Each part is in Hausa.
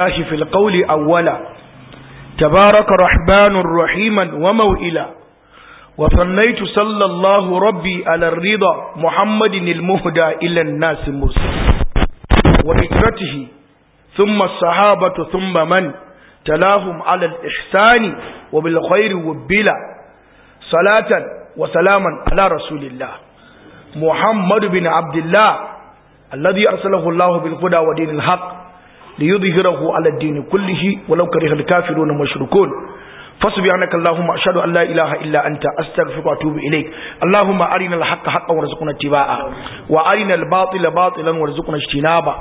الله في القول أولا تبارك رحبان رحيما وموئلا وثنيت صلى الله ربي على الرضا محمد المهدى إلى الناس مرسل وهجرته ثم الصحابة ثم من تلاهم على الإحسان وبالخير وبلا صلاة وسلاما على رسول الله محمد بن عبد الله الذي أرسله الله بالهدى ودين الحق ليظهره على الدين كله ولو كره الكافرون المشركون فسبحانك اللهم أشهد أن لا إله إلا أنت أستغفرك وأتوب إليك اللهم أرنا الحق حقا وارزقنا اتباعه وأرنا الباطل باطلا وارزقنا اجتنابه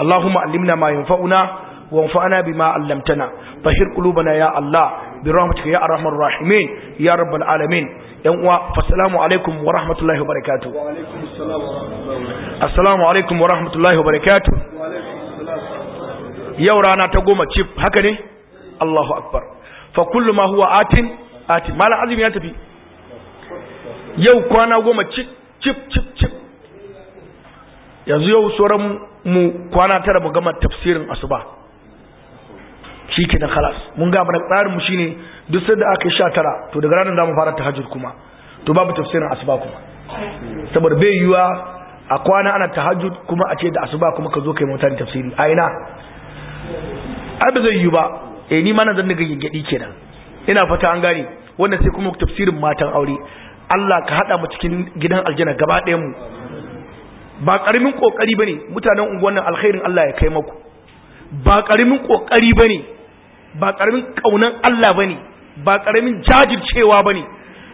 اللهم علمنا ما ينفعنا وانفعنا بما علمتنا طهر قلوبنا يا الله برحمتك يا أرحم الراحمين يا رب العالمين يوم فالسلام عليكم ورحمة الله وبركاته وعليكم السلام ورحمة الله وبركاته السلام عليكم ورحمة الله وبركاته وعليكم yau rana ta goma cif haka ne Allahu akbar fa kullu ma huwa atin atin mala azumi ya tafi yau kwana goma cif cif cif cif yanzu yau sauran mu kwana tara mu gama tafsirin asuba shi ke da khalas mun ga mana tsarin mu shine duk sai da aka yi sha tara to daga ranar zamu fara tahajjud kuma to babu tafsirin asuba kuma saboda bai yiwa a kwana ana tahajjud kuma a ce da asuba kuma ka zo kai mutane tafsiri a ina abu zai yi ba E, ni ma zan daga gyaggyaɗi kenan ina fata an gane wannan sai kuma tafsirin matan aure Allah ka haɗa mu cikin gidan aljanna gaba ɗayan mu ba ƙaramin ƙoƙari ba ne mutanen unguwannin alkhairin Allah ya kai maku ba ƙaramin ƙoƙari ba ne ba ƙaramin ƙaunan Allah ba ne ba ƙaramin jajircewa ba ne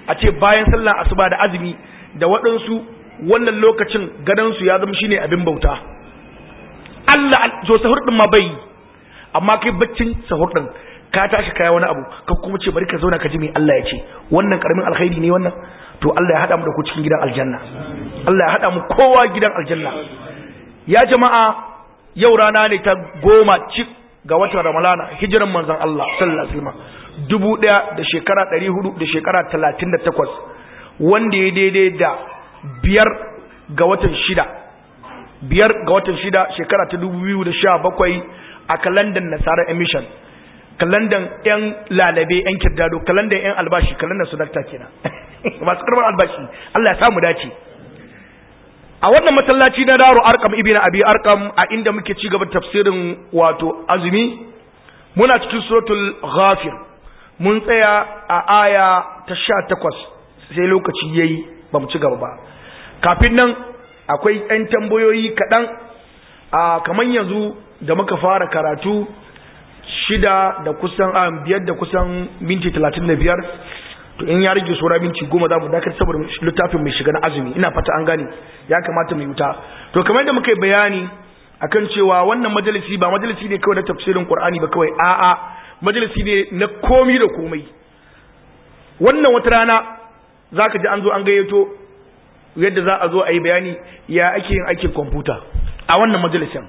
a ce bayan sallah asuba da azumi da waɗansu wannan lokacin gadansu ya zama shine abin bauta Allah josahur din ma bai yi amma kai baccin sahur din ka tashi kaya wani abu ka kuma ce bari ka zauna ka ji me Allah ya ce wannan karamin alkhairi ne wannan to Allah ya hada mu da ku cikin gidan aljanna Allah ya hada mu kowa gidan aljanna ya jama'a yau rana ne ta goma cik ga watan Ramalana hijiran manzon Allah sallallahu alaihi wasallam dubu ɗaya da shekara ɗari hudu da shekara talatin da takwas wanda ya daidai da biyar ga watan shida biyar ga watan shida shekara ta dubu biyu da sha bakwai a kalandan nasara emission kalandan yan lalabe yan kirdado kalandan yan albashi kalandan sudakta kenan masu karbar albashi Allah ya samu dace a wannan masallaci na daru arkam ibn abi arkam a inda muke ci gaba tafsirin wato azumi muna cikin suratul ghafir mun tsaya a aya ta 18 sai lokaci yayi mu ci gaba ba kafin nan akwai ɗan tambayoyi kaɗan a ah, kamar yanzu da muka fara karatu shida da kusan a ah, biyar da kusan minti talatin da biyar to in ya rage saura minti goma za mu dakar saboda littafin mai shiga na azumi ina fata an gane ya kamata mu wuta. to kamar da muka yi bayani akan cewa wannan majalisi ba majalisi ne kawai na tafsirin qur'ani ba kawai a'a majalisi ne na komi da komai wannan wata rana zaka ji an zo an gayyato yadda za a zo a yi bayani ya ake yin aikin kwamfuta a wannan majalisin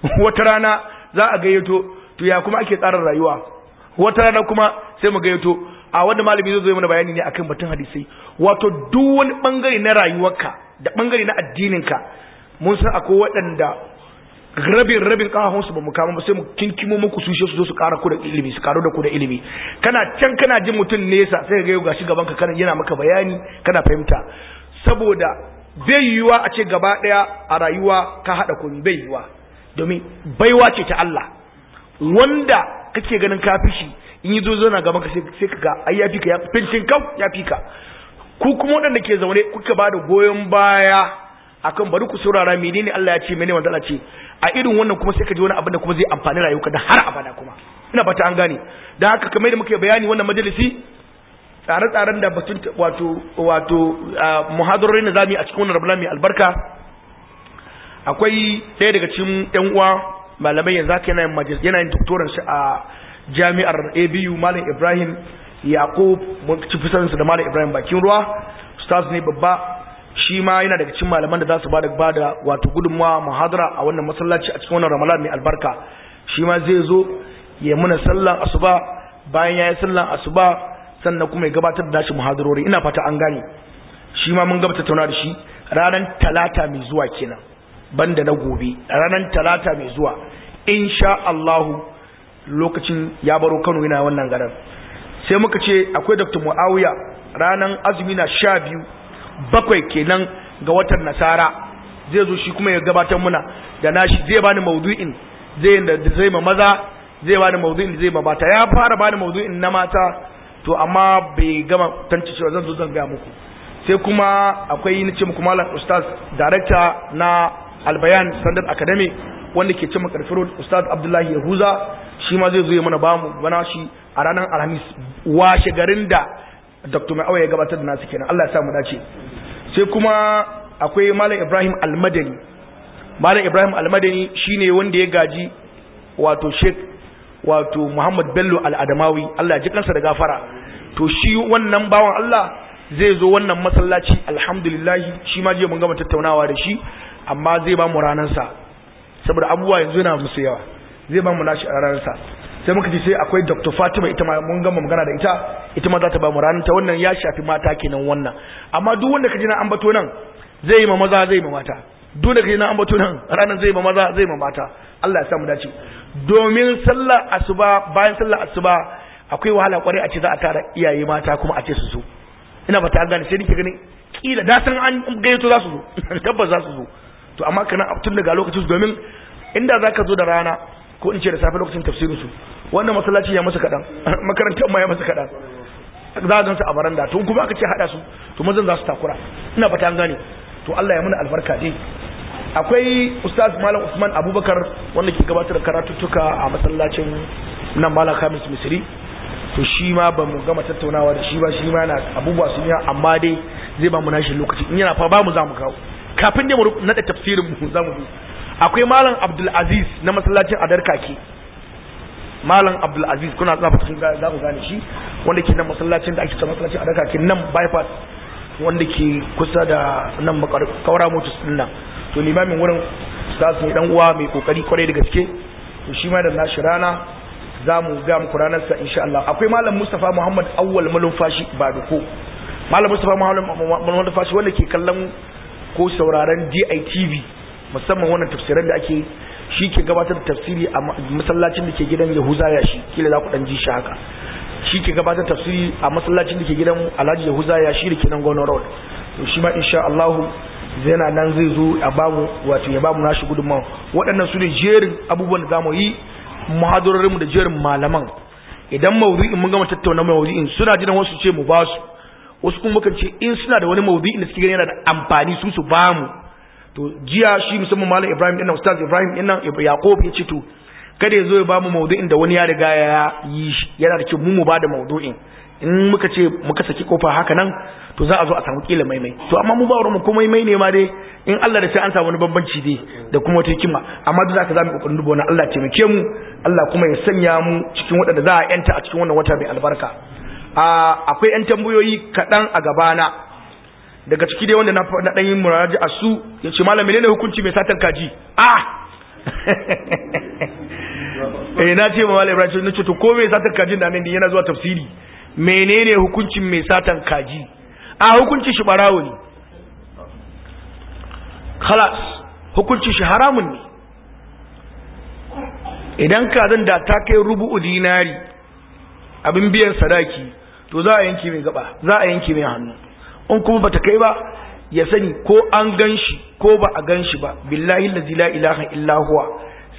wata rana za a gayyato to ya kuma ake tsara rayuwa wata rana kuma sai mu gayyato a wanda malami zai zo mana bayani ne akan batun hadisai wato duk wani bangare na rayuwarka da bangare na addininka mun san akwai waɗanda rabin rabin kahahunsu ba mu kama ba sai mu kinkimo muku su su zo su kara ku da ilimi su karo da ku da ilimi kana can kana jin mutum nesa sai ka ga yau gashi gaban ka kana yana maka bayani kana fahimta saboda bai yiwuwa a ce gaba daya a rayuwa ka hada kun bai yiwuwa domin baiwa ce ta Allah wanda kake ganin ka fi shi in yi zozo na gaban ka sai ka ga ai ya fi ka ya fincin kau ya fi ka ku kuma waɗanda ke zaune kuka ba da goyon baya akan bari ku saurara menene Allah ya ce menene manzo Allah ce a irin wannan kuma sai ka ji wani abin da kuma zai amfani rayuwarka da har abada kuma ina ta an gane da haka kamar da muke bayani wannan majalisi tsare-tsaren da batun wato wato ah, muhadarorin da zamu yi a cikin wannan rabula mai albarka akwai ɗaya daga cikin ɗan uwa malamai yanzu haka yana yin yana yin doktoran shi a jami'ar ABU Malam Ibrahim Yaqub mun ci da Malam Ibrahim bakin ruwa ustaz ne babba shi ma yana daga cikin malaman da za su bada bada wato gudunmawa muhadara a wannan masallaci a cikin wannan Ramadan mai albarka shi ma zai zo ya muna sallan asuba bayan yayin sallan asuba sannan kuma ya gabatar da shi muhadarori ina fata an gane shi ma mun gabata tauna da shi ranar talata mai zuwa kenan banda na gobe ranar talata mai zuwa insha Allahu lokacin ya baro Kano yana wannan garan sai muka ce akwai Dr. Muawiya ranar azumi na sha biyu bakwai kenan ga watan nasara zai zo shi kuma ya gabatar muna da nashi zai bani maudu'in zai da zai ma maza zai bani maudu'in zai ma mata ya fara bani maudu'in na mata to amma bai gama tantancewa zan zo zan gaya muku sai kuma akwai ni ce muku malam ustaz director na albayan standard academy wanda ke cin road ustaz abdullahi yahuza shi ma zai zo mana bamu bana shi a ranar alhamis washe garin da dr mai awa ya gabatar da nasu kenan allah ya sa dace sai kuma akwai malam ibrahim almadani malam ibrahim almadani shine wanda ya gaji wato sheikh wato muhammad bello al'adamawi allah ya ji kansa da gafara to shi wannan bawan allah zai zo wannan masallaci alhamdulillahi shi ma je mun gama tattaunawa da shi amma zai ba mu ranarsa saboda abubuwa yanzu yana musu yawa zai ba mu nashi a ranarsa sai muka ji sai akwai dr fatima ita ma mun gama magana da ita ita ma za ta ba mu ranarta wannan ya shafi mata kenan wannan amma duk wanda ka ji na ambato nan zai yi ma maza zai yi ma mata duk wanda ka ji na ambato nan ranar zai yi ma maza zai yi ma mata Allah ya sa mu dace domin sallar asuba bayan sallar asuba akwai wahala kwarai a ce za a tara iyaye mata kuma a ce su zo ina ba ta gane sai nake gani kila da san an gayyato za su zo tabbas za su zo to amma kana tun daga lokacin domin inda zaka zo da rana ko in ce da safe lokacin tafsirin su wannan masallaci ya masa kadan makarantar ma ya masa kadan za a gansu a baranda to kuma aka ce hada su to mazan za su takura ina fata an gane to Allah ya muna albarka dai akwai ustaz malam Usman Abubakar wanda ke gabatar da karatuttuka a masallacin nan malam Khamis Misri to shi ma ba mu gama tattaunawa da shi ba shi ma na abubuwa sun yi amma dai zai ba mu nashi lokaci in yana fa ba mu za mu kawo kafin da mu nada tafsirin mu za mu akwai malam abdul aziz na masallacin adar kake malam abdul aziz kuna za mu gane shi wanda ke nan masallacin da ake ta masallacin adar kake nan bypass wanda ke kusa da nan kawara motus din nan to limamin wurin ustaz ne dan uwa mai kokari kwarai da gaske to shi ma da nashi rana za mu ga muku ranar sa insha Allah akwai malam Mustafa Muhammad Awwal Malumfashi ko malam Mustafa Muhammad Malumfashi wanda ke kallon ko sauraron DITV musamman wannan tafsiran da ake shi ke gabatar da tafsiri a masallacin da ke gidan Yahuza ya shi kila za ku dan ji shi haka shi ke gabatar da tafsiri a masallacin da ke gidan Alhaji Yahuza ya shi da ke nan Gono Road to shi ma insha Allah na nan zai zo a babu wato ya bamu nashi gudunmawa waɗannan su ne jerin abubuwan da za mu yi muhadurorinmu da jerin malaman idan mawuzi'in mun gama tattauna mawuzi'in suna jiran wasu ce mu ba su wasu kuma kan ce in suna da wani mawdu'i da suke gani yana da amfani su su bamu to jiya shi musamman malam Ibrahim dinnan ustaz Ibrahim dinnan Yaqub ya ce to kada ya zo ya bamu mawdu'in da wani ya riga ya yi shi yana da kyau mu mu bada mawdu'in in muka ce muka saki kofa haka nan to za a zo a samu kila mai mai to amma mu ba wurin mu komai mai ne ma dai in Allah da sai an samu wani bambanci dai da kuma wata hikima amma duk zaka zamu kokarin dubo wannan Allah taimake mu Allah kuma ya sanya mu cikin wadanda za a yanta a cikin wannan wata mai albarka akwai yan tambayoyi kaɗan a gabana daga ciki dai wanda na ɗan yin muraji a su ya ce malam menene hukunci mai satan kaji ah eh na ce malam ibrahim na ce to ko mai satan kajin da nan yana zuwa tafsiri menene hukuncin mai satan kaji a hukuncin shi barawo ne khalas hukuncin shi haramun ne idan ka zan da ta kai rubu'u dinari abin biyan sadaki to za a yanke mai gaba za a yanke mai hannu in kuma ba ta kai ba ya sani ko an gan shi ko ba a gan shi ba billahi lazi la ilaha illa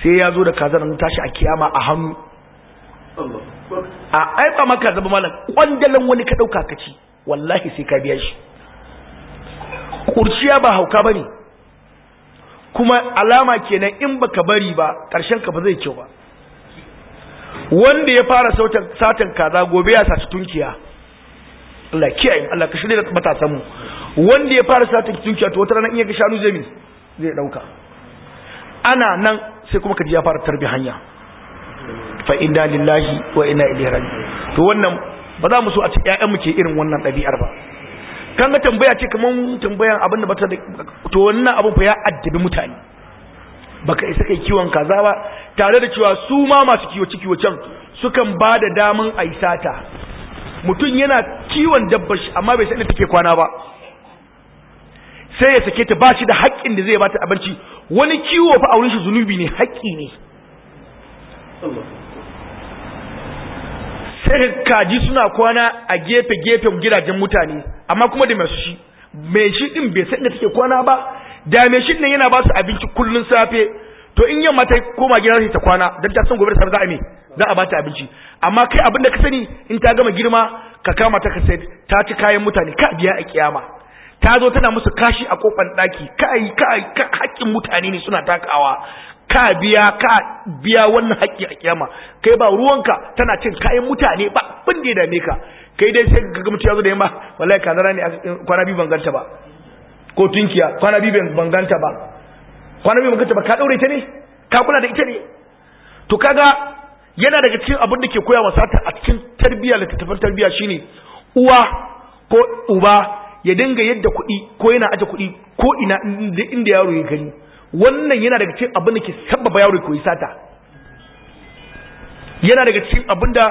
sai ya zo da kazar nan tashi a kiyama a hannu a aika maka zaba malam kwandalan wani ka dauka ka ci wallahi sai ka biya shi kurciya ba hauka bane kuma alama kenan in baka bari ba karshen ka ba zai kyau ba wanda ya fara satan kaza gobe ya saci tunkiya Allah kiyaye Allah ka shirye da matasan mu wanda ya fara satan tunkiya to wata rana in ya ga shanu zai zai dauka ana nan sai kuma kaji ya fara tarbi hanya fa inna lillahi wa inna ilaihi raji to wannan ba za mu so a ce ƴaƴan mu ke irin wannan ɗabi'ar ba kan ga tambaya ce kaman tambayan abin da bata to wannan abin fa ya addabi mutane baka isa kai kiwon kaza ba tare da cewa su ma masu ciki wacan sukan ba da daman aisata yi mutum yana kiwon dabba shi amma bai sani take kwana ba sai ya sake ta bashi da haƙƙin da zai bata abinci wani kiwo fa a wurin shi zunubi ne haƙƙi ne sai kaji suna kwana a gefe-gefen gidajen mutane amma kuma da masu shi mai shi din bai san take kwana ba dame shi yana ba su abinci kullun safe to in yamma ta koma gida ta kwana dan ta san gobe da za a me za a ba ta abinci amma kai abin da ka sani in ta gama girma ka kama ta ka sai ta ci kayan mutane ka biya a kiyama ta zo tana musu kashi a kofar daki kai kai ka haƙƙin mutane ne suna takawa ka biya ka biya wannan haƙƙi a kiyama kai ba ruwanka tana cin kayan mutane ba abin da ya dame ka kai dai sai ga mutum ya zo da yamma wallahi kazara ne kwana biyu ban ganta ba ko tunkiya kwana biyu ban ganta ba kwana biyu ban ba ka daure ta ne ka kula da ita ne to kaga yana daga cikin abin da ke koya wa sata a cikin tarbiyya da littattafan tarbiyya shine uwa ko uba ya dinga yadda kuɗi ko yana aje kuɗi ko ina inda yaro ya gani wannan yana daga cikin abin da ke sabbaba yaro ya koyi sata yana daga cikin abin da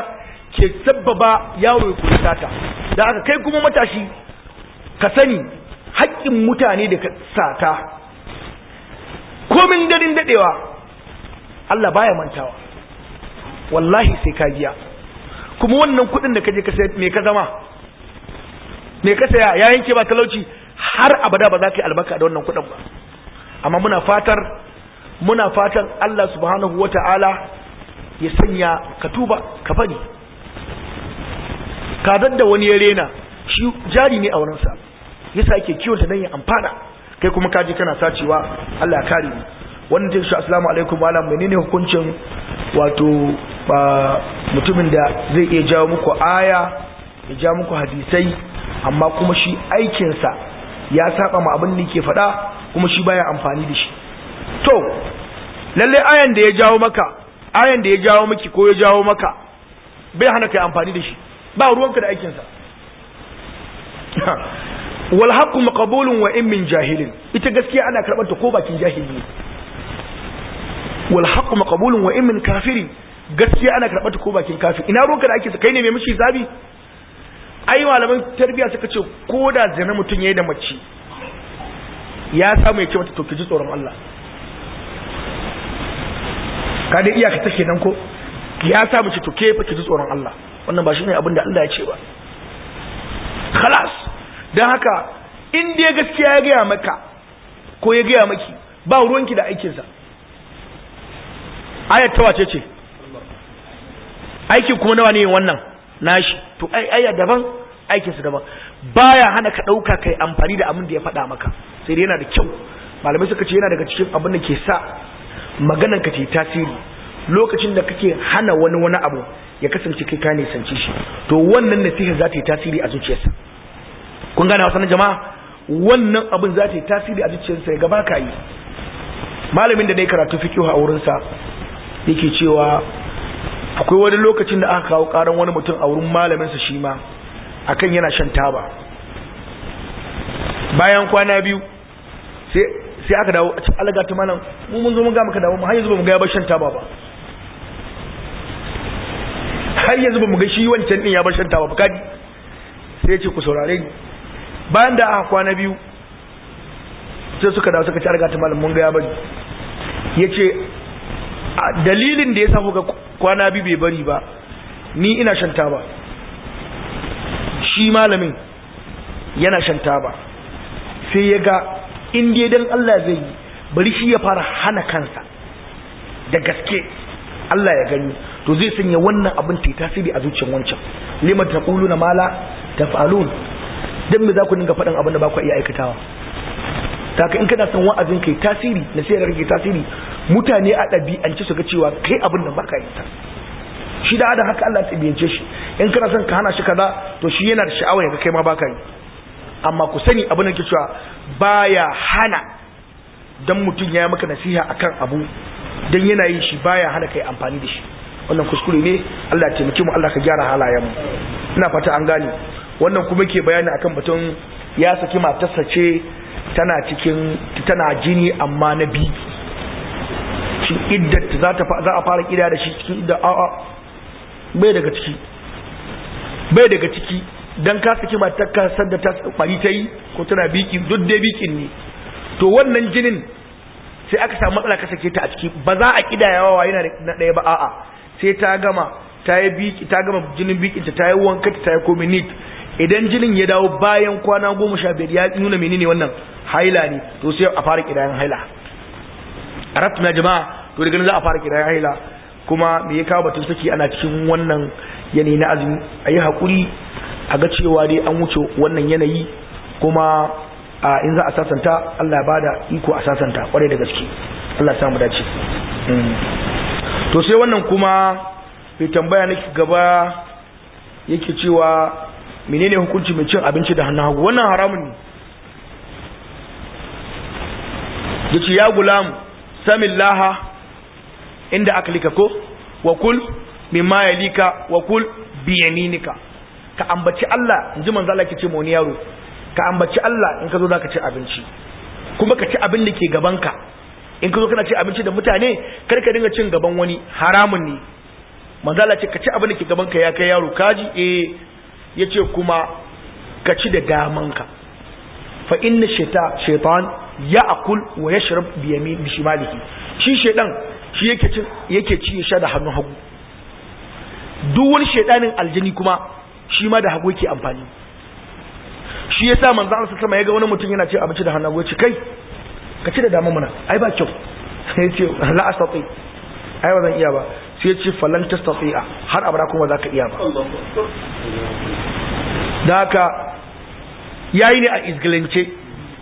ke sabbaba yaro ya koyi sata da aka kai kuma matashi ka sani haƙƙin mutane da sata komin daɗin daɗewa Allah baya mantawa wallahi sai ka biya kuma wannan kuɗin da je ka sayar mai ka zama mai ka saya ya yanke ba talauci har abada ba za ka yi albarka da wannan kuɗin ba amma muna fatar muna fatan Allah subhanahu wa Ta'ala ya sanya ka tuba ka fani ka da wani ya rena shi jari ne a wurinsa yasa ake ta dan ya amfana kai kuma kaji kana sacewa Allah ya kare mu wannan take shi assalamu alaikum malam menene hukuncin wato mutumin da zai iya jawo muku aya ya jawo muku hadisai amma kuma shi aikinsa ya saba ma abin da yake faɗa kuma shi baya amfani da shi to lalle ayan da ya jawo maka ayan da ya jawo miki ko ya jawo maka bai hana kai amfani da shi ba ruwanka da aikinsa wal haqqu maqbulun wa in min jahilin ita gaskiya ana karban ta ko bakin jahili wal haqqu maqbulun wa in min kafirin gaskiya ana karban ta ko bakin kafiri ina roka da ake kai ne mai mishi zabi ai malaman tarbiya suka ce ko da zina mutun yayi da mace ya samu ya ce mata to ki ji tsoron Allah ka dai iyaka take nan ko ya samu ce to ke fa ki ji tsoron Allah wannan ba shi ne abin da Allah ya ce ba khalas don haka in dai gaskiya ya gaya maka ko ya gaya maki ba ruwanki da aikinsa ayat ta wace ce aikin kuma nawa ne wannan nashi to ai aya daban aikinsa daban baya hana ka ɗauka kai amfani da abin da ya faɗa maka sai dai yana da kyau malamai suka ce yana daga cikin abin da ke sa maganar ka ce tasiri lokacin da kake hana wani wani abu ya kasance kai ka sance shi to wannan nasiha za ta yi tasiri a zuciyarsa kun gane wasannin jama'a wannan abin za ta yi tasiri a zuciyarsa ya gaba ka yi malamin da na yi karatu fikihu a wurinsa yake cewa akwai wani lokacin da aka kawo karan wani mutum a wurin malaminsa shi ma akan yana shan taba bayan kwana biyu sai aka dawo a cikin alaga ta malam mu mun zo mun ga maka dawo mu har yanzu ba mu ga ya bar shan taba ba har yanzu ba mu ga shi wancan din ya bar shan taba ba kadi sai ya ce ku saurare ni bayan da aka kwana biyu sai suka dawo suka ci arga ta malam mun ga ya bari yace dalilin da ya samu ga kwana biyu bai bari ba ni ina shan ba shi malamin yana shanta ba sai ya ga in dai dan Allah zai yi bari shi ya fara hana kansa da gaske Allah ya gani to zai sanya wannan abin ta tasiri a zuciyar wancan lima na mala taf'alun dan mai za ku dinga faɗin abin da ba ku iya aikatawa ka in kana son wa'azin kai tasiri na sai rage tasiri mutane a ɗabi'ance su ga cewa kai abin da baka yi ta shi da adam haka Allah tabiyance shi in kana san ka hana shi kaza to shi yana da sha'awa ya kai ma baka yi amma ku sani abin da ke cewa baya hana dan mutum ya yi maka nasiha akan abu dan yana yin shi baya hana kai amfani da shi wannan kuskure ne Allah ya mu Allah ka gyara halayen mu ina fata an gane wannan kuma ke bayani akan batun ya saki matarsa ce tana cikin tana jini amma na bi shi iddat za ta za a fara kida da shi cikin idda a a bai daga ciki bai daga ciki dan ka saki matarka sanda ta kwari ta yi ko tana biki duk dai bikin ne to wannan jinin sai aka samu matsala ka sake ta a ciki ba za a yawa wa yana na ɗaya ba a'a sai ta gama ta yi biki ta gama jinin bikin ta yi wanka ta yi komai idan jinin ya dawo bayan kwana goma sha biyar ya nuna menene wannan haila ne to sai a fara kidayen haila arabtum na jama'a to daga za a fara kidayen haila kuma me ya kawo batun saki ana cikin wannan yanayi na azumi a yi haƙuri a ga cewa dai an wuce wannan yanayi kuma a in za a sasanta Allah ya bada iko a sasanta kwarai da gaske Allah samu dace to sai wannan kuma mai tambaya nake gaba yake cewa menene hukunci mai cin abinci da hannu hagu wannan haramun ne yace ya gulam samillaha inda aklika ko wa kul mimma yalika wa kul bi yaminika ka ambaci Allah inji manzo Allah kace mu yaro ka ambaci Allah in ka zo zaka ci abinci kuma ka ci abin da ke gaban ka in ka zo kana ci abinci da mutane kar ka dinga cin gaban wani haramun ne manzo Allah ce ka ci abin da ke gaban ka ya kai yaro kaji eh Ya ce kuma ka ci da damanka fa inna shaitan ya akul wa ya bi biyami bi shimalihi shi shaitan shi yake ci yake ci ya sha da hannun hagu duk wani shaitanin aljini kuma shi ma da hagu yake amfani shi yasa manzo Allah sallallahu alaihi ya ga wani mutum yana ci abinci da hannun hagu ya kai ka ci da daman ai ba kyau sai ya ce la astati ai ba zan iya ba sai ce falan tastati'a har abada kuma zaka iya ba da haka yi ne a izgilance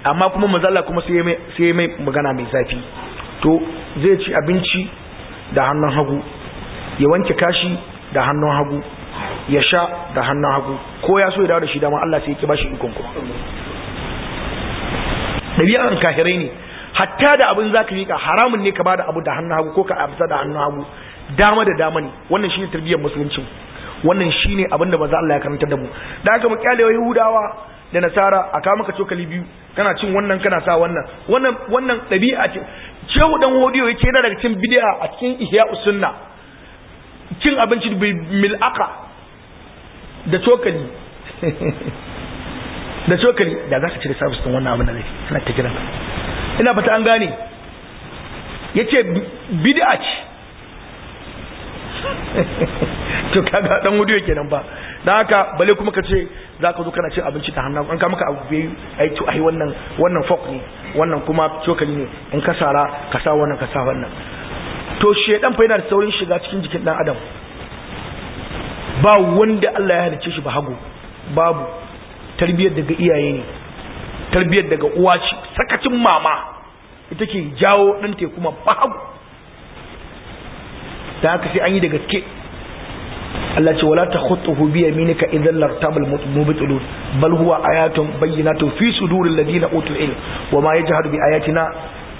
amma kuma manzala kuma sai mai mai magana mai zafi to zai ci abinci da hannun hagu ya wanke kashi da hannun hagu ya sha da hannun hagu ko ya so ya dawo da shi dama Allah sai ya bashi ikon kuma an kahirai ne hatta da abin zaka yi ka haramun ne ka ba da abu da hannun hagu ko ka abta da hannun hagu dama da dama ne wannan shine tarbiyyar musulunci wannan shine abin da manzo Allah ya karanta da mu da haka mu kyale yahudawa da nasara a kama maka cokali biyu kana cin wannan kana sa wannan wannan wannan dabi'a ce shehu dan hodiyo yake yana daga cikin bid'a a cikin ihya sunna cin abinci mil'aka da cokali da cokali da za ka cire sabis din wannan abin da zai suna ta jiran ina fata an gane yace bid'a ce to kaga dan yake nan ba dan haka bale kuma ka kace zaka zo kana cin abinci ta hannu an ka maka abu bai ai to ai wannan wannan fork ne wannan kuma cokali ne in ka sara ka sa wannan ka sa wannan to shedan fa yana da saurin shiga cikin jikin dan adam ba wanda Allah ya halice shi ba hagu babu tarbiyyar daga iyaye ne tarbiyyar daga uwa ce sakacin mama ita ke jawo dan ta kuma babu da haka sai an yi da gaske Allah ce wala takhutuhu bi minika idan lartabal mubtilun bal huwa ayatun bayyinatun fi suduril ladina utul ilm wama yajhadu bi ayatina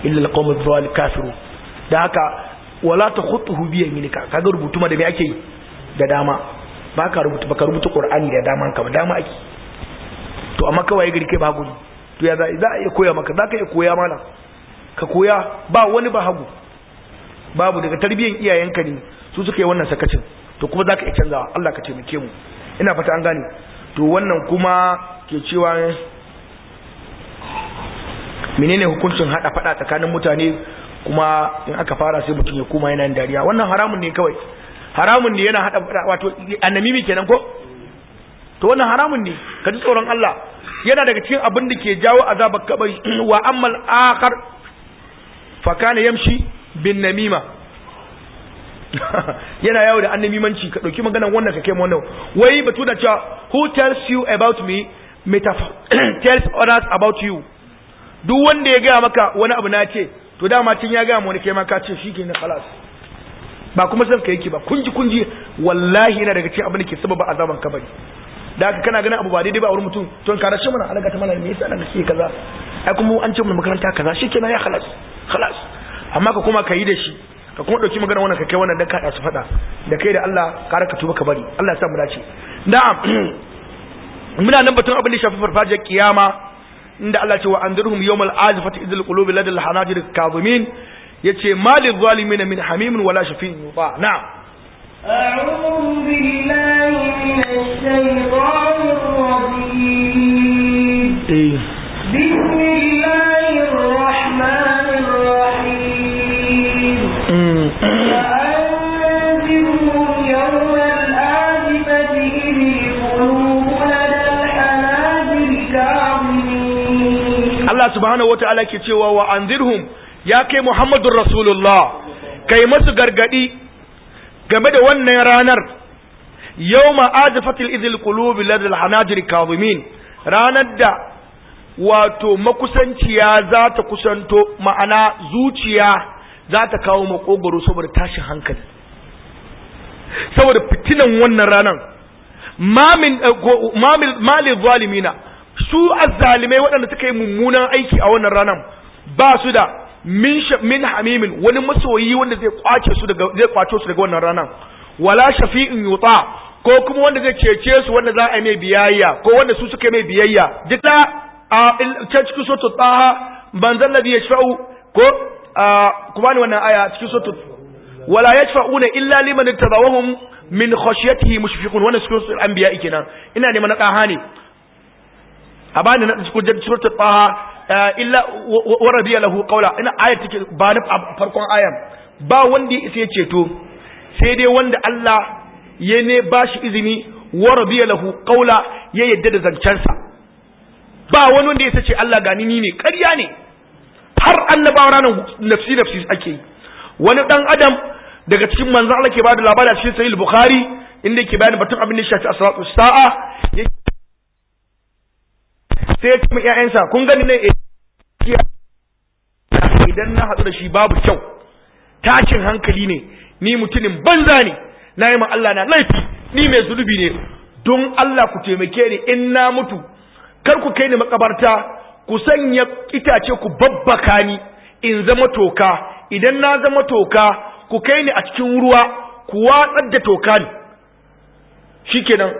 illa alqawmul zalim kafirun da haka wala takhutuhu bi minika kaga rubutu ma da me ake yi da dama baka rubuta baka rubuta qur'ani da dama ka dama ake to amma kawai girke ba gudu to ya za a iya koya maka za ka iya koya mana ka koya ba wani ba hagu babu daga tarbiyyar iyayenka ne su suka yi wannan sakacin to kuma za ka iya canzawa Allah ka taimake mu ina fata an gane to wannan kuma ke cewa menene hukuncin hada fada tsakanin mutane kuma in aka fara sai mutum ya koma yana dariya wannan haramun ne kawai haramun ne yana hada fada wato annabi kenan ko to wannan haramun ne ka ji tsoron Allah yana daga cikin abin da ke jawo azabar kabari wa ammal akhar fa kana yamshi bin namima yana yawo da annamimanci ka dauki maganar wannan ka kai mu wannan wai batu da cewa who tells you about me tells others about you duk wanda ya gaya maka wani abu na ce to dama tun ya gaya mu wani kai ma ka ce shikenan khalas ba kuma san ka yake ba kunji kunji wallahi yana daga cikin abin da ke sababa azaban ka bari. da haka kana ganin abu ba daidai ba a wurin mutum to in rashin mana alaka ta mana me yasa daga ke kaza ai kuma an ce mu makaranta kaza shikenan ya khalas khalas amma ka kuma ka yi da shi ka kuma ɗauki magana wannan ka kai wannan dan kaɗa su fada da kai da Allah ƙara ka tuba ka bari Allah ya sa mu dace na'am muna nan batun abin da shafi farfajiyar kiyama inda Allah ce wa anzirhum yawmal azifati idil qulubi ladal hanajir kazimin yace malil zalimin min hamimin wala shafin yuta na'am a'udhu billahi minash rajim eh. Allah subhanahu wataala ke cewa wa anzirhum ya kai Muhammadur Rasulullah kai masu gargadi game da wannan ranar yawma ajafatil idil qulubi ladal hanajir kadhimin ranar da wato makusanciya za ta kusanto ma'ana zuciya za ta kawo makogoro saboda tashin hankali saboda fitinan wannan ranar mamin eh, zalimina su azzalimai waɗanda suka yi mummunan aiki a wannan ranar ba su da min hamimin wani masoyi wanda zai kwace su daga zai kwace su daga wannan ranar wala shafi'in yuta ko kuma wanda zai cece su wanda za a yi mai biyayya ko wanda su suka yi mai biyayya duka a ta cikin sotu tsaha manzan ladhi yashfa'u ko kuma ni wannan aya cikin sotu wala ya yashfa'una illa liman ittadawahum min khashyatihi mushfiqun wannan cikin anbiya kenan ina neman na tsaha ne A habani na cikin suratul taha illa wa biya lahu qawla ina ayat take ba ni farkon ayan ba wanda ya isa ya ceto sai dai wanda Allah ya ne bashi izini wa biya lahu qawla ya yadda da zancensa ba wani wanda ya sace Allah gani ni ne ƙarya ne har annabawa ranar nafsi nafsi ake yi wani dan adam daga cikin manzo Allah ke bada labari a cikin sahih bukhari inda yake bayani batun abin da ya shafi as-salatu sa'a sai ya ce ƴaƴansa kun gani ne eh, idan na haɗu da shi babu kyau tashin hankali ne ni mutumin banza ne na yi Allah na laifi ni mai zunubi ne don Allah ku taimake ni in na mutu kar ku kai ni makabarta ku sanya itace ku babbaka ni in zama toka idan na zama toka ku kai ni a cikin ruwa ku watsar da toka ni shikenan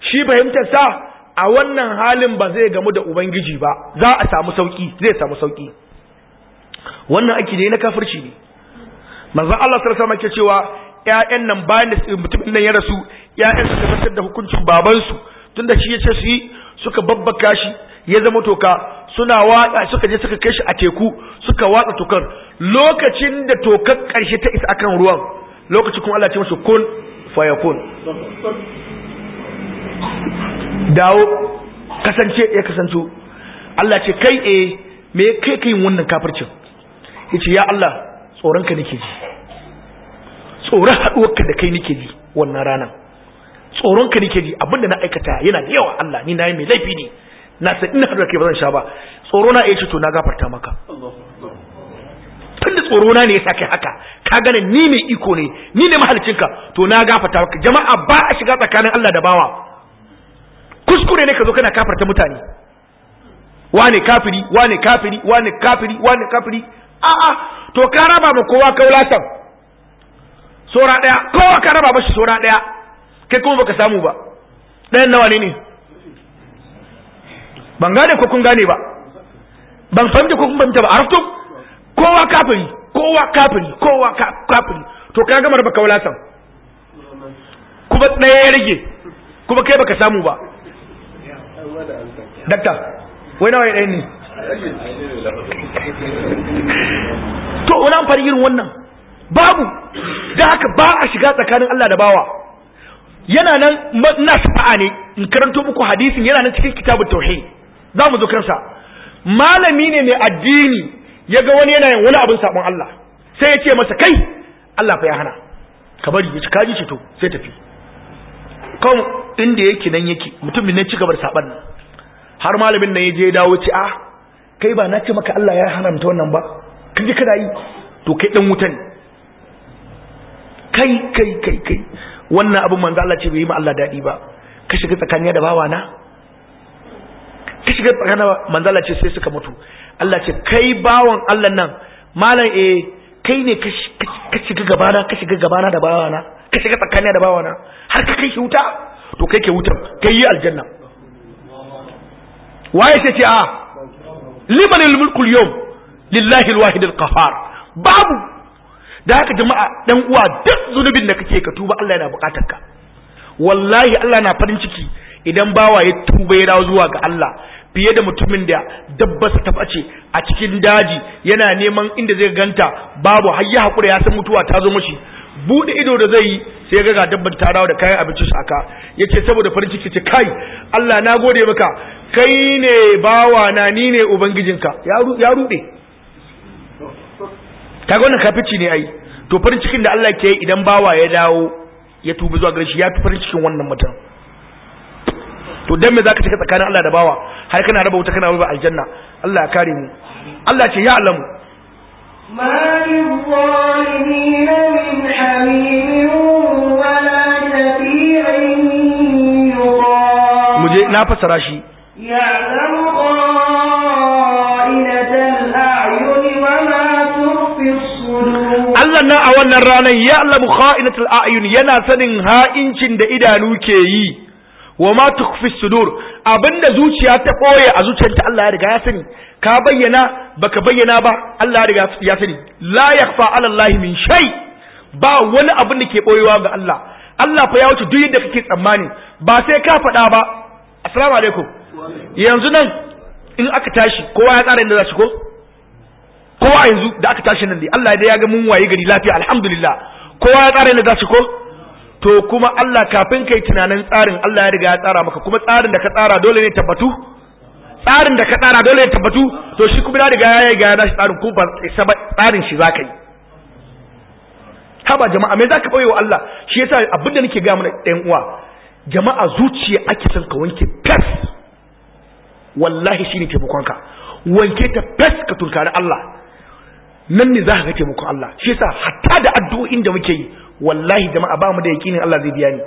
shi fahimtar sa a wannan halin ba zai gamu da ubangiji ba za a samu sauƙi. zai samu sauki wannan aiki ne na kafirci ne Maza Allah sallallahu alaihi cewa 'ya'yan nan bayan da mutumin nan ya rasu 'ya'yan suka fasar da hukuncin babansu tunda shi ya ce su yi suka babbaka shi ya zama toka suna watsa suka je suka kai shi a teku suka watsa tokar lokacin da tokar ƙarshe ta isa akan ruwan lokacin kuma Allah ce masa kun fayakun dawo kasance ya kasanto Allah ce kai eh me kai kai wannan kafircin yace ya Allah tsoronka nake ji tsoron haduwarka da kai nake ji wannan ranan tsoronka nake ji abinda na aikata yana da yawa Allah ni nayi mai laifi ne na san ina haduwa kai ba zan sha ba tsoro na yace to na gafarta maka tunda tsoro na ne ya sake haka ka gane ni mai iko ne ni ne ka, to na gafarta maka jama'a ba a shiga tsakanin Allah da bawa kuskure ne ka zo kana kafarta mutane wane kafiri wane kafiri wane kafiri wane kafiri a'a to ka raba ma kowa kaulatan sora daya kowa ka raba mashi sora daya kai kuma baka samu ba dayan nawa ne ne ban gane ko kun gane ba ban fahimta ko kun fahimta ba arafto kowa kafiri kowa kafiri kowa kafiri to ka gama raba kaulatan kuma daya ya rage kuma kai baka samu ba dakta wai nawa ɗaya ne to wani amfani irin wannan babu da haka ba a shiga tsakanin Allah da bawa yana nan na sa'a ne in karanto muku hadisin yana nan cikin kitabun tauhid za mu zo kansa malami ne mai addini ya ga wani yana yin wani abin sabon Allah sai ya ce masa kai Allah fa ya hana ka bari ya ci kaji ce to sai tafi kan inda yake nan yake mutumin ne ci gabar saban har malamin nan ya ya dawo ci ah kai ba na ce maka Allah ya haramta wannan ba kaje ka yi to kai dan wuta ne kai kai kai kai wannan abin manzo Allah ce bai yi ma Allah dadi ba ka shiga tsakaniya da bawa na ka shiga tsakaniya manzo Allah ce sai suka mutu Allah ce kai bawan Allah nan malam eh kai ne ka shiga gabana ka shiga gabana da na? ka shiga tsakaniya da bawana har ka kai shi wuta to kai ke wutan kai yi aljanna waye ce ce ah, a liman al-mulku lillahi alwahid alqahar babu da haka jama'a dan uwa duk zunubin da kake ka tuba Allah yana bukatar ka wallahi Allah na farin ciki idan bawa ya tuba ya dawo zuwa ga Allah fiye da mutumin da dabbarsa ta face a cikin daji yana neman inda zai ganta babu har ya hakura ya san mutuwa ta zo mashi bude ido da zai yi sai ga dabbar ta dawo da kayan abinci aka yace saboda farin ciki ce kai Allah na gode maka kai ne bawa na ni ne ubangijinka ya rube ga wannan kafici ne ai to farin cikin da Allah ke idan bawa ya dawo ya tubi zuwa gare shi ya farin cikin wannan mutum to dan me zaka shiga tsakanin Allah da bawa har kana raba wuta kana raba aljanna Allah ya kare mu Allah ce ya alamu ما للظالمين من حميم ولا شفيع يطاع مجھے نا فسرا شي يعلم خائنة الأعين وما تخفي الصدور Allah na a wannan ranar ya alamu kha'inatul a'yun yana sanin ha'incin da idanu ke yi wa ma tukfi sudur abinda zuciya ta koye a zuciyarta Allah ya riga ya sani ka bayyana baka bayyana ba Allah ya riga ya sani la yakfa ala Allah min shay ba wani abin da ke koyewa ga Allah Allah fa ya wuce duk yadda kake tsammani ba sai ka faɗa ba assalamu alaikum yanzu nan in aka tashi kowa ya tsara inda za shi ko kowa yanzu da aka tashi nan dai Allah ya ga mun waye gari lafiya alhamdulillah kowa ya tsara inda za shi ko to kuma Allah kafin kai tunanin tsarin Allah ya riga ya tsara maka kuma tsarin da ka tsara dole ne tabbatu tsarin da ka tsara dole ne tabbatu to shi kuma ya riga ya riga ya dashi tsarin ko ba tsarin shi zaka yi haba jama'a me zaka boye wa Allah shi yasa abin da nake ga mana ɗan uwa jama'a zuciya ake son ka wanke fes wallahi shine taimakon ka wanke ta fes ka tunkari Allah nan ne za ka ga taimakon Allah shi yasa hatta da addu'o'in da muke yi wallahi jama'a ba mu da yakinin Allah zai biya ni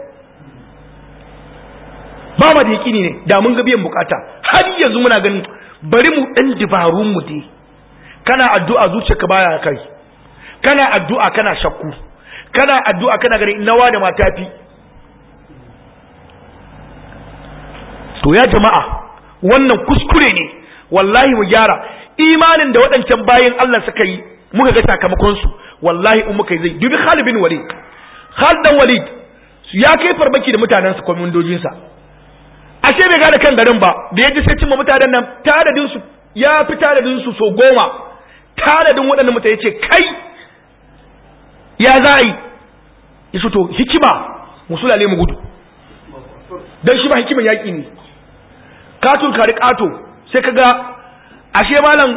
ba mu da yakini ne da mun ga biyan bukata har yanzu muna ganin bari mu dan dabarun mu dai kana addu'a zuciyarka baya kai kana addu'a kana shakku kana addu'a kana gari? nawa da matafi to ya jama'a wannan kuskure ne wallahi mu gyara imanin da waɗancan bayan Allah suka yi muka ga sakamakonsu wallahi in muka yi zai dubi Khalid bin Walid Khalid dan Walid ya kai farmaki da mutanen su komandojin sa ashe bai gane kan garin ba da yaji sai cimma mutanen nan taradin su ya fi taradin su so goma taradin waɗannan mutane yace kai ya za yi isu to hikima musulale mu gudu dan shi ba hikiman yaki ne katul kari kato sai ka ga. ashe malam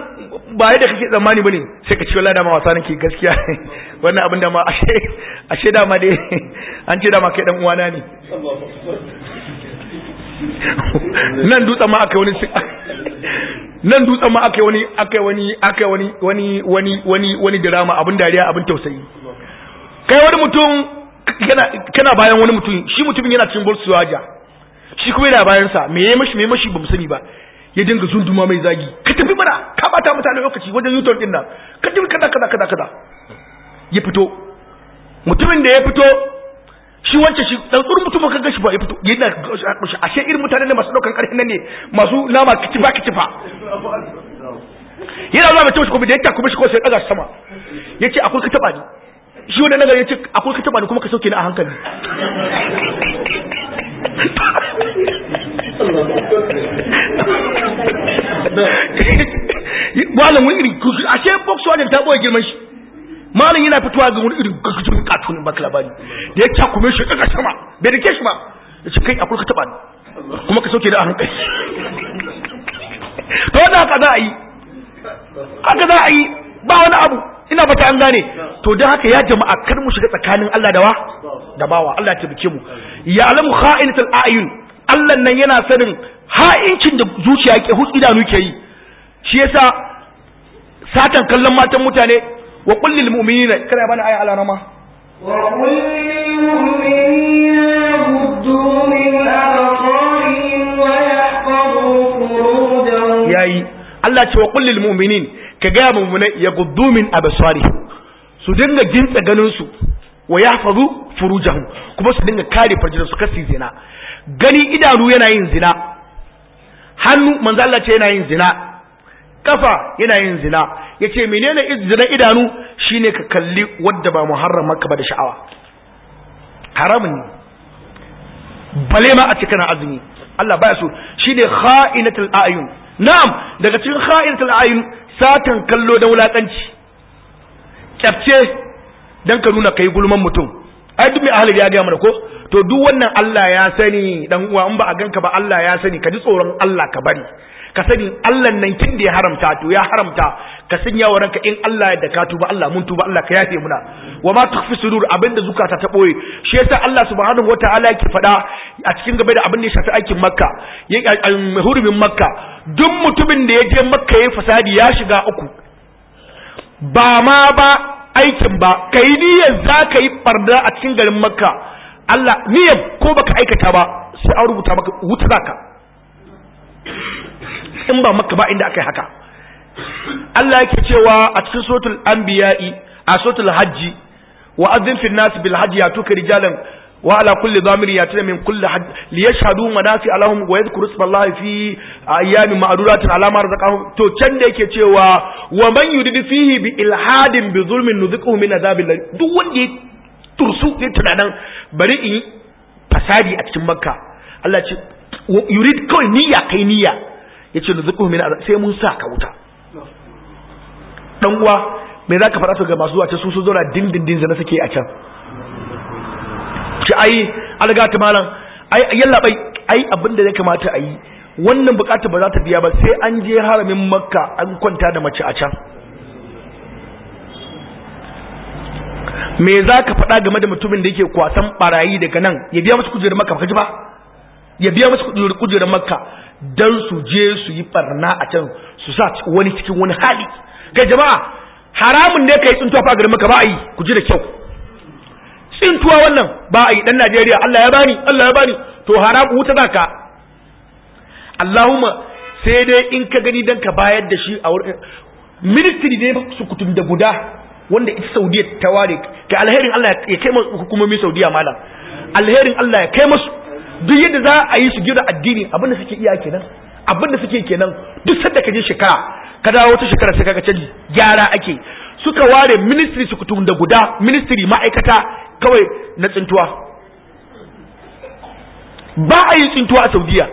ba yadda kake tsammani bane sai ka ci wallahi dama wasa nake gaskiya wannan abin da ma ashe ashe dama dai an ce dama kai dan uwana ne nan dutsen ma akai wani nan dutsen ma akai wani akai wani akai wani wani wani wani wani drama abin dariya abin tausayi kai wani mutum kana bayan wani mutum shi mutumin yana cin bolsuwaja shi kuma yana bayan sa me yayi mishi me mishi bamu sani ba ya dinga zunduma mai zagi ka tafi mana ka bata mutane lokaci wajen yuton din nan ka tafi kaza kaza kaza kaza ya fito mutumin da ya fito shi wancan shi tsantsur mutum ka gashi ba ya fito yana shi ashe irin mutane ne masu daukan karfi nan ne masu lama kitifa kitifa yana zuwa mai tabbata kuma da yake kuma shi ko sai daga sama yace akwai ka taba ni shi wannan nagari yace akwai ka taba ni kuma ka sauke ni a hankali malam wani irin kuku ashe volkswagen ta boye girman shi malam yana fitowa ga wani irin kuku katun baka labari da ya cakume shi daga sama bai rike shi ba ya ce kai akwai ka taba kuma ka sauke da ahun kai to wanda haka za a yi haka za a yi ba wani abu ina bata an gane to dan haka ya jama'a kar mu shiga tsakanin Allah da wa da bawa Allah ya tabbake mu ya alamu kha'inatul a'yun Allah nan yana sanin ha'incin da zuciya ke hus idanu ke yi shi yasa satan kallon matan mutane wa qul lil mu'minina kada bana aya alana ma wa qul lil mu'minina wa yahfazu furujahum yayi Allah ce wa mu'minin ka gaya mummunai ya guddu min abasari su dinga gintsa ganinsu wa ya faru furujahu kuma su dinga kare farjina su kasi zina gani idanu yana yin zina hannu manzo Allah ce yana yin zina kafa yana yin zina yace menene zina idanu shine ka kalli wadda ba muharrama ka ba da sha'awa haramun ne bale ma a cikin azumi Allah baya so shine kha'inatul ayun na'am daga cikin kha'inatul ayun satan kallo da wulakanci kyafce dan ka nuna kai gulman mutum ai duk mai ahalar ya gaya mana ko to duk wannan Allah ya sani dan uwa in ba a ganka ba Allah ya sani ka ji tsoron Allah ka bari ka sani Allah nan kin da ya haramta to ya haramta ka sanya wa ranka in Allah ya daka tuba Allah mun tuba Allah ka yafe muna wa ma tukhfi sudur abinda zukata ta boye shi yasa Allah subhanahu wataala yake fada a cikin gaba da abin da ya shafi aikin Makka Ya um, hurumin Makka duk mutumin da ya je Makka yi fasadi ya shiga uku ba ma ba aikin ba kai niyyar za ka yi farda a cikin garin Makka Allah niyyar ko baka aikata ba sai an rubuta maka wuta zaka in ba makka ba inda aka yi haka Allah yake cewa a cikin suratul anbiya'i a suratul hajji wa adhin fil nas bil hajji ya tuka rijalan wa ala kulli ya tuna min kulli hajj li yashhadu manasi alahum wa yadhkuru ismallahi fi ayyamin ma'dudatin ala ma razaqahum to can da yake cewa wa man yurid fihi bi ilhadin bi zulmin nudhiquhu min adhabil duk wanda ya tursu ya tunanan bari in fasadi a cikin makka Allah ce yurid kawai niyya kai niyya yace nuzuquhu min azab sai mun sa ka wuta dan uwa me zaka fara su ga masu zuwa ta su su dindin dindindin zana suke a can ci ai alga ta malam ai yallabai ai da ya kamata a yi wannan bukata ba za ta biya ba sai an je haramin makka an kwanta da mace a can me za ka faɗa game da mutumin da yake kwasan barayi daga nan ya biya musu kujerar makka ka ji ba ya biya musu kujerar makka Dan su je su yi farna a can su sa wani cikin wani hali ga jama'a haramun ne kai tsintuwa fa garin maka ba yi ku ji da kyau tsintuwa wannan ba yi dan Najeriya Allah ya bani Allah ya bani to haramu wuta zaka Allahumma sai dai in ka gani dan ka bayar da shi a wurin ministry ne su kutun da guda wanda ita Saudiya ta ware ga alherin Allah ya kai masu hukumomin Saudiya malam alherin Allah ya kai masu duk yadda za a yi su gina addini abinda suke iya kenan abinda suke kenan duk sanda ka je shekara ka dawo wata shekara sai kaga canji gyara ake suka ware ministry su kutun da guda ministry ma'aikata kawai na tsintuwa ba a yi tsintuwa a saudiya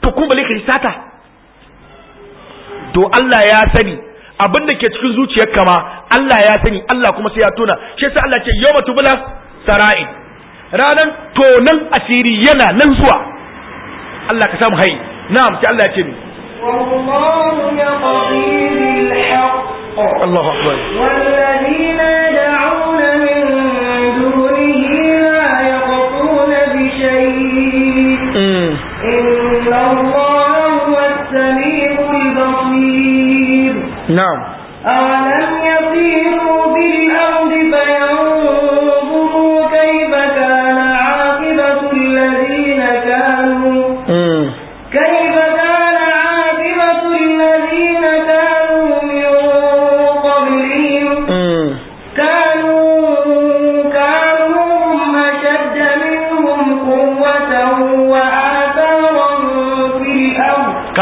to kuma bale ka sata to Allah ya sani abin da ke cikin zuciyar kama, Allah ya sani Allah kuma sai ya tona shi yasa Allah ce yawma tubla sara'in ranan tonan asiri yana nan zuwa Allah ka samu hai na'am ki Allah ya ce والله يقضي بالحق الله أكبر والذين يدعون من دونه لا يقضون بشيء إن الله هو السميع البصير نعم أولم يطيروا بالأرض فينظروا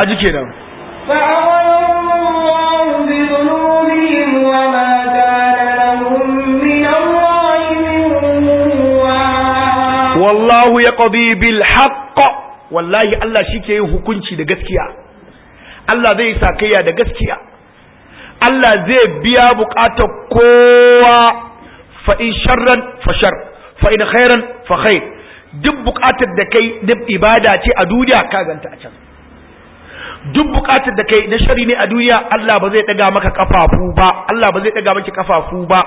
kaji kenan wallahu ya qadi bil haqq wallahi Allah shike yin hukunci da gaskiya Allah zai sakayya da gaskiya Allah zai biya bukatar kowa fa in sharran fa shar fa in khairan fa khair duk bukatar da kai duk ibada ce a duniya ka ganta a can duk bukatar da kai na shari ne a duniya Allah ba zai daga maka kafafu ba Allah ba zai daga maki kafafu ba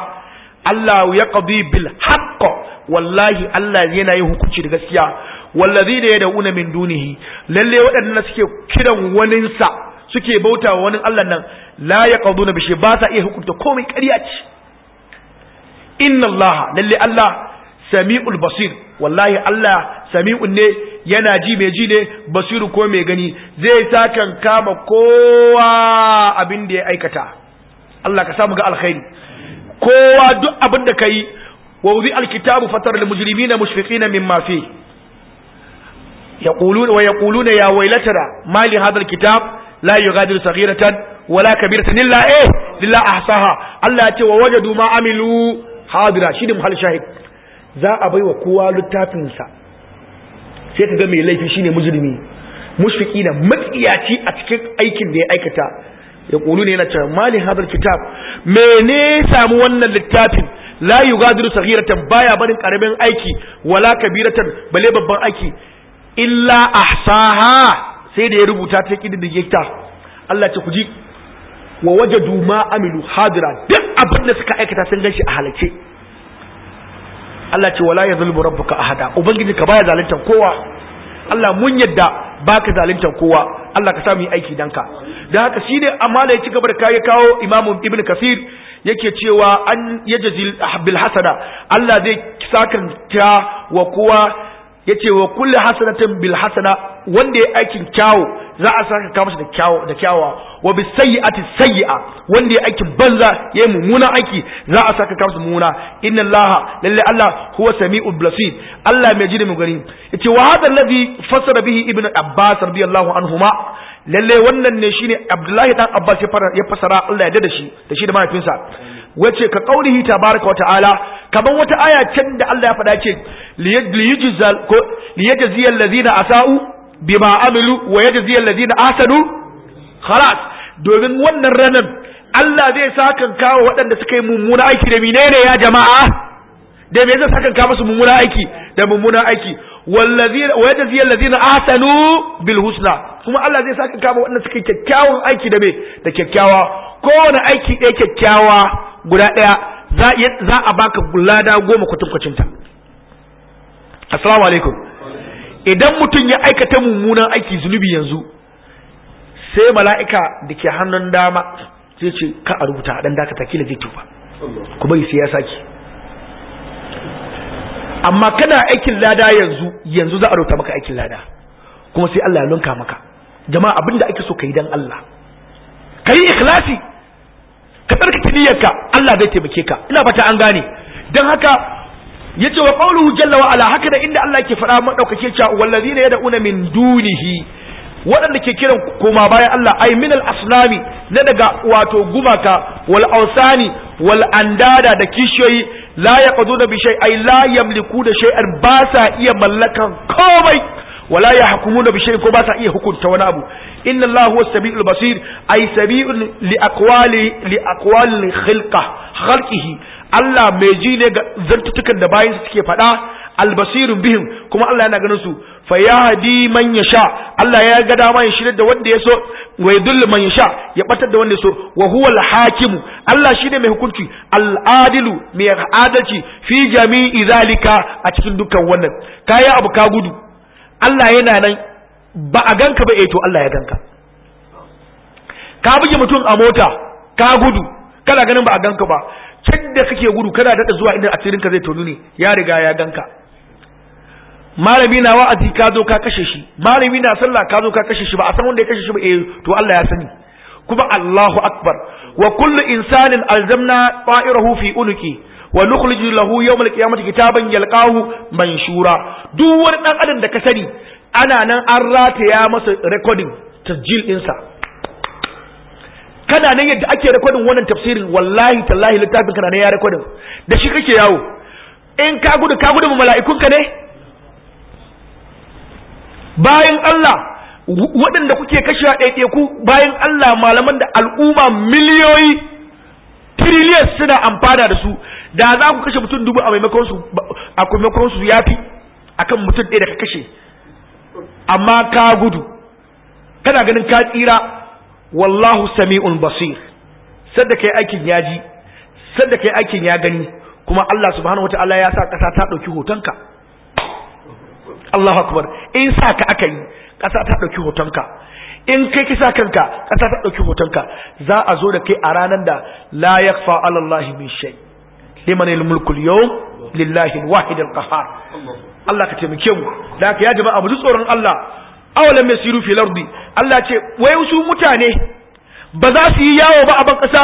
Allah ya qadi bil haqq wallahi Allah yana yin hukunci da gaskiya wallazina yad'una min dunihi lalle waɗannan suke kiran waninsa suke bautawa wani Allah nan la yaqduna bishi ba sa iya hukunta komai ƙarya ce inna Allah lalle Allah sami'ul basir wallahi Allah sami'un ne yana ji mai ji ne basiru ko mai gani zai sakan kama kowa abin da ya aikata Allah ka samu ga alkhairi kowa duk abin da kai wa wudi alkitabu fatar lil mujrimina mushfiqina mimma fi yaquluna wa yaquluna ya waylatana ma li hadha alkitab la yughadiru saghiratan wala kabiratan illa eh lilla ahsaha Allah ya ce wa wajadu ma amilu hadira shi ne muhal shahid za a baiwa kowa littafinsa sai ka ga mai laifi shine musulmi. mushriki na matsiyaci a cikin aikin da ya aikata ya kulu ne yana cewa mali hadal kitab mene samu wannan littafin la yugadiru saghiratan baya barin karamin aiki wala kabiratan bale babban aiki illa ahsaha sai da ya rubuta ta kididdige ta Allah ce ku ji wa wajadu ma amilu hadira duk abin da suka aikata sun ganshi a halace Allah ce wala yazlimu rabbuka ahada ubangiji ka baya zalunta kowa Allah mun yadda baka zalunta kowa Allah ka sa mu yi aiki danka da haka shi ne amma da ya ci gaba da kai kawo Imam Ibn Kathir yake cewa an yajzil bil hasada Allah zai sakanta wa kowa yace wa kulle hasanatin bil hasana wanda ya aikin kyawo za a saka ka masa da kyawa da kyawa wa bis sayyi'ati sayyi'a wanda ya aikin banza yi mummuna aiki za a saka ka masa mummuna inna allaha lalle allah huwa sami'ul basir allah mai ji da mu gani yace wa hadha alladhi fassara bihi ibnu abbas radiyallahu anhuma lalle wannan ne shine abdullahi dan abbas ya fassara allah ya da shi da shi da mahaifinsa wace ka qaulihi tabaraka wa ta'ala kaman wata aya can da Allah ya faɗa ce liyajzal ko liyajziyal ladina asau bima amilu wa yajziyal ladina ahsanu khalas domin wannan ranar Allah zai sakan kawo waɗanda suka yi mummuna aiki da menene ya jama'a da me zai sakan kawo musu mummuna aiki da mummuna aiki wallazina wa yajziyal ladina ahsanu bil husna kuma Allah zai saka kawo waɗanda suka yi kyakkyawan aiki da me da kyakkyawa kowane aiki ɗaya kyakkyawa guda ɗaya za a baka lada goma kwatankwacinta assalamu alaikum idan mutum ya aikata mummunan aiki zunubi yanzu sai mala'ika da ke hannun dama sai ce ka a rubuta dan dakata kila zai tufa kuma sai ya saki amma kana aikin lada yanzu yanzu za a rubuta maka aikin lada kuma sai Allah ya lunka maka jama'a abinda ake so ka yi dan Allah Ka yi ikhlasi ka tsarkake niyyarka Allah zai taimake ka ina fata an gane dan haka yace wa qawluhu jalla wa ala haka da inda Allah yake faɗa madaukake cewa wallazina yad'una min dunihi waɗanda ke kiran koma bayan Allah ai minal asnami na daga wato gumaka wal ausani wal andada da kishiyoyi la yaqduna bi shay ai la yamliku da shay'an ba sa iya mallakan komai wala yahkumuna na shay'in ko ba sa iya hukunta wani abu inna Allah basir ay sabiul li Allah mai ji ne ga zantutukan da bayan suke faɗa albasirun bihim kuma Allah yana ganin su fa yahdi man yasha ya ga yasha ya batar da wanda ya Allah shine mai hukunci mai a cikin gudu Allah yana nan ba a ganka ba eh to Allah ya ganka ka buge mutum a mota ka gudu kana ganin ba a ganka ba can da kake gudu kana daɗa zuwa inda ka zai tonu ne ya riga ya ganka malami na wa'azi ka zo ka kashe shi malami na sallah ka zo ka kashe shi ba a san wanda ya kashe shi ba eh to Allah ya sani kuma Allahu akbar wa kullu insanin alzamna ta'irahu fi unuki wa ya lahu yawmal qiyamati kitaban yalqahu manshura duk wani dan adam da ka sani ana nan an rataya masa recording tasjil ɗinsa kana nan yadda ake recording wannan tafsirin wallahi tallahi littafin kana nan ya recording da shi kake yawo in ka gudu ka gudu mala'ikun ka ne bayan Allah waɗanda kuke ɗaiɗe ku bayan Allah malaman da al'umma miliyoyi trillions suna amfana da su da za ku kashe mutum dubu a maimakon su a maimakon su yafi akan mutum ɗaya da ka kashe amma ka gudu kana ganin ka tsira wallahu sami'un basir sadda kai aikin ya ji sadda kai aikin ya gani kuma Allah subhanahu wataala ya sa ƙasa ta ɗauki hotonka Allahu akbar in sa ka aka yi ƙasa ta ɗauki hotonka in kai kisa kanka ƙasa ta ɗauki hotonka za a zo da kai a ranar da la yakfa alallahi min shay liman al-mulku lillahi al-wahid Allah ka taimake mu da haka ya jaba abu tsoron Allah awalam mai fil ardi Allah ce wai su mutane ba za su yi yawo ba a ban kasa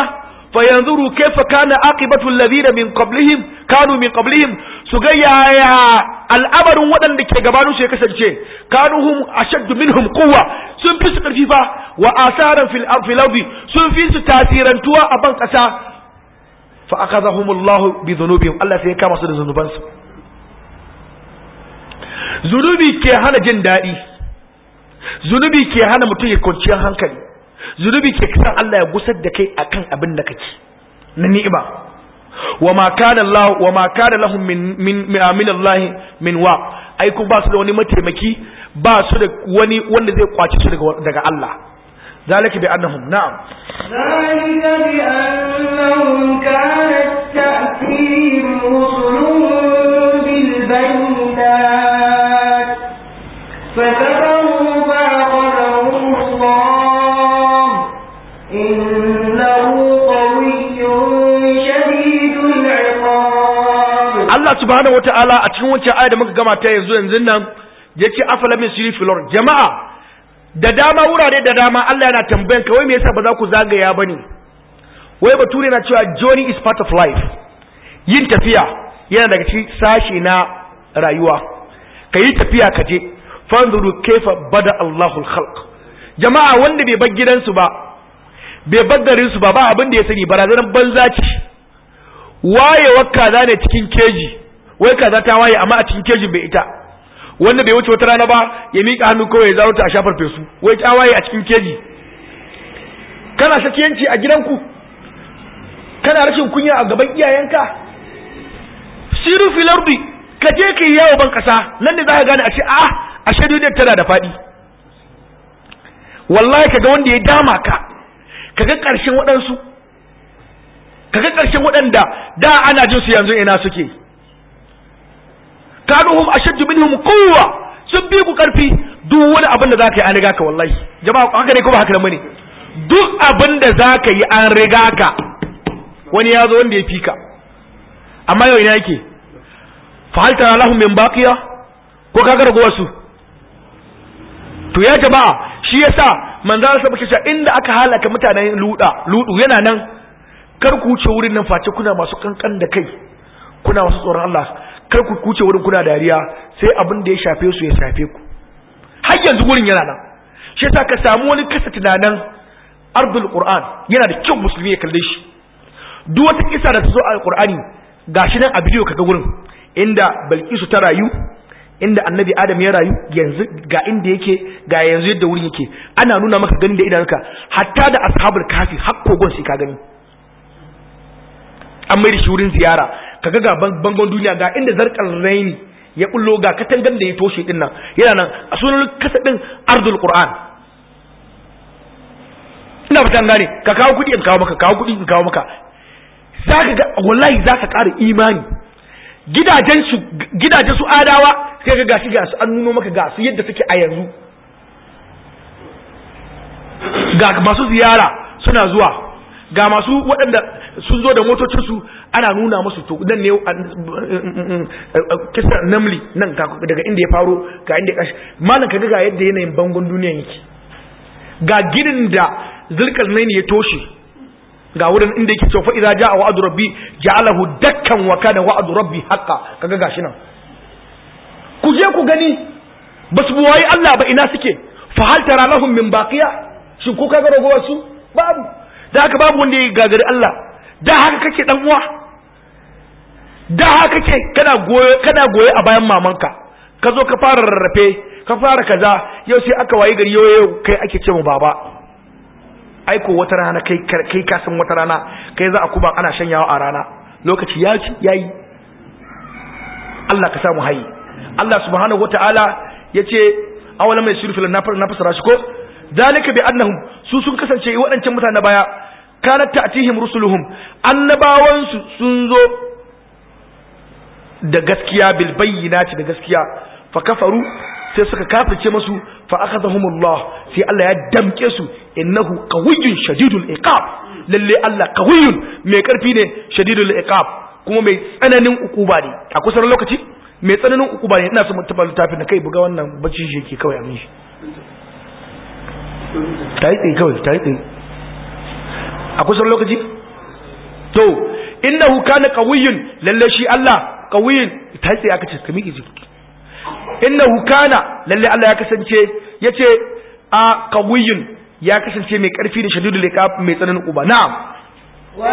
fa yanzuru kayfa kana aqibatu alladhina min qablihim kanu min qablihim su ga yaya al'amarin waɗanda ke gabanin su ya kasance kanuhum ashaddu minhum quwwa sun fi su karfi fa wa asaran fil ardi sun fi su tasirantuwa a ban kasa fa akhadhahumullahu bi dhunubihim Allah sai ya kama su da zunubansu zunubi ke hana jin daɗi zunubi ke hana mutum ya kwanciyar hankali zunubi ke kasan Allah ya gusar da kai akan abin da kake na ni'ima wa ma kana Allah wa ma kana lahum min min min Allah min wa ai ku ba su da wani mataimaki ba su da wani wanda zai kwace su daga Allah ذلك بأنهم نعم ذلك بأنهم كانت تأتيهم رسلهم بالبينات فكفروا فأخذهم الله إنه قوي شديد العقاب الله سبحانه وتعالى أتنوى تعالى مكة كما تيزو ينزلنا يتي أفلا من سيري في الأرض جماعة da dama wurare da dama Allah yana tambayan ka wai me yasa ba za ku zagaya bane wai bature na cewa journey is part of life yin tafiya yana daga cikin sashi na rayuwa ka yi tafiya ka je fanzuru kaifa bada Allahul khalq jama'a wanda bai bar gidansu ba bai bar garin ba ba abin da ya sani barazanar banza ce wayewar kaza ne cikin keji wai kaza ta waye amma a cikin keji bai ita wanda bai wuce wata rana ba ya mika hannu kawai ya zaro ta a shafar fesu wai kyawaye a cikin keji kana yanci a gidanku kana rashin kunya a gaban iyayenka siru filardi ka je ka yi yawo ban kasa nan ne zaka gane a ce a ah, ashe duniyar tana da faɗi. wallahi ka ga wanda ya dama ka ka ga karshen waɗansu ka ga karshen waɗanda da ana jin su yanzu ina suke kanuhum ashaddu minhum quwwa sun bi ku karfi duk wani abin da zaka yi an riga ka wallahi jama'a haka ne ko ba haka ne bane duk abin da zaka yi an riga ka wani ya zo wanda ya fika amma yau ina yake fa hal tara lahum min baqiya ko kaga to ya jama'a shi yasa manzo sa muke cewa inda aka halaka mutanen luda ludu yana nan kar ku wuce wurin nan face kuna masu kankan da kai kuna masu tsoron Allah kar ku kuce wurin kuna dariya sai abin da ya shafe su ya shafe ku har yanzu wurin yana nan shi yasa ka samu wani kasa tunanin ardul qur'an yana da kyau musulmi ya kalle shi duk wata kisa da ta zo a qur'ani gashi nan a bidiyo kaga wurin inda Bilkisu ta rayu inda annabi adam ya rayu yanzu ga inda yake ga yanzu yadda wurin yake ana nuna maka ganin da idanunka hatta da ashabul kafi har kogon sai ka gani an mai da shi wurin ziyara kaga ga bangon duniya ga inda zarkar raini ya bullo ga katangan da ya toshe din nan yana nan a sunan kasadin ardul qur'an ina fatan gane ka kawo kudi in kawo maka kawo kudi in kawo maka zaka ga wallahi zaka ƙara imani gidajen su gidajen su adawa sai ga gashi ga su an nuno maka ga su yadda suke a yanzu ga masu ziyara suna zuwa ga masu waɗanda sun zo da motocinsu ana nuna musu to dan ne kisa namli nan daga inda ya faro ga inda kashi malam kaga ga yadda yanayin bangon duniyan yake ga ginin da ne ya toshe ga wurin inda yake cewa idza jaa adu rabbi ja'alahu dakkan wa kana adu rabbi haqqan kaga gashi nan ku je ku gani basu buwayi Allah ba ina suke fa hal tara lahum min baqiya shin ko kaga ragowar su babu da haka babu wanda ya gagari Allah da haka kake dan uwa da haka ke kana goyo kana goye a bayan mamanka ka zo ka fara rarrafe ka fara kaza yau sai aka wayi gari yau kai ake ce mu baba aiko wata rana kai kai ka san wata rana kai za a kuba ana shanyawa a rana lokaci ya ci yayi Allah ka samu hayi Allah subhanahu wataala yace awalam mai fil nafar nafsara shi ko zalika bi annahum su sun kasance waɗancan mutane baya kanat ta'tihim rusuluhum annabawansu sun zo da gaskiya bil bayyinati da gaskiya fa kafaru sai suka kafirce masu fa akhadhahumullah sai Allah ya damke su innahu qawiyyun shadidul iqab lalle Allah qawiyyun mai karfi ne shadidul iqab kuma mai tsananin ukuba ne a kusan lokaci mai tsananin ukuba ne ina so mu tabbata tafi na kai buga wannan bacci shi yake kawai amin shi tai tai kawai tai tai a kusan lokaci to innahu kana qawiyyun lalle shi Allah qawiyin ta sai aka ce ka miƙe jiki innahu kana lalle Allah ya kasance yace a qawiyin ya kasance mai karfi da shadidul iqab mai tsananin uba na'am wa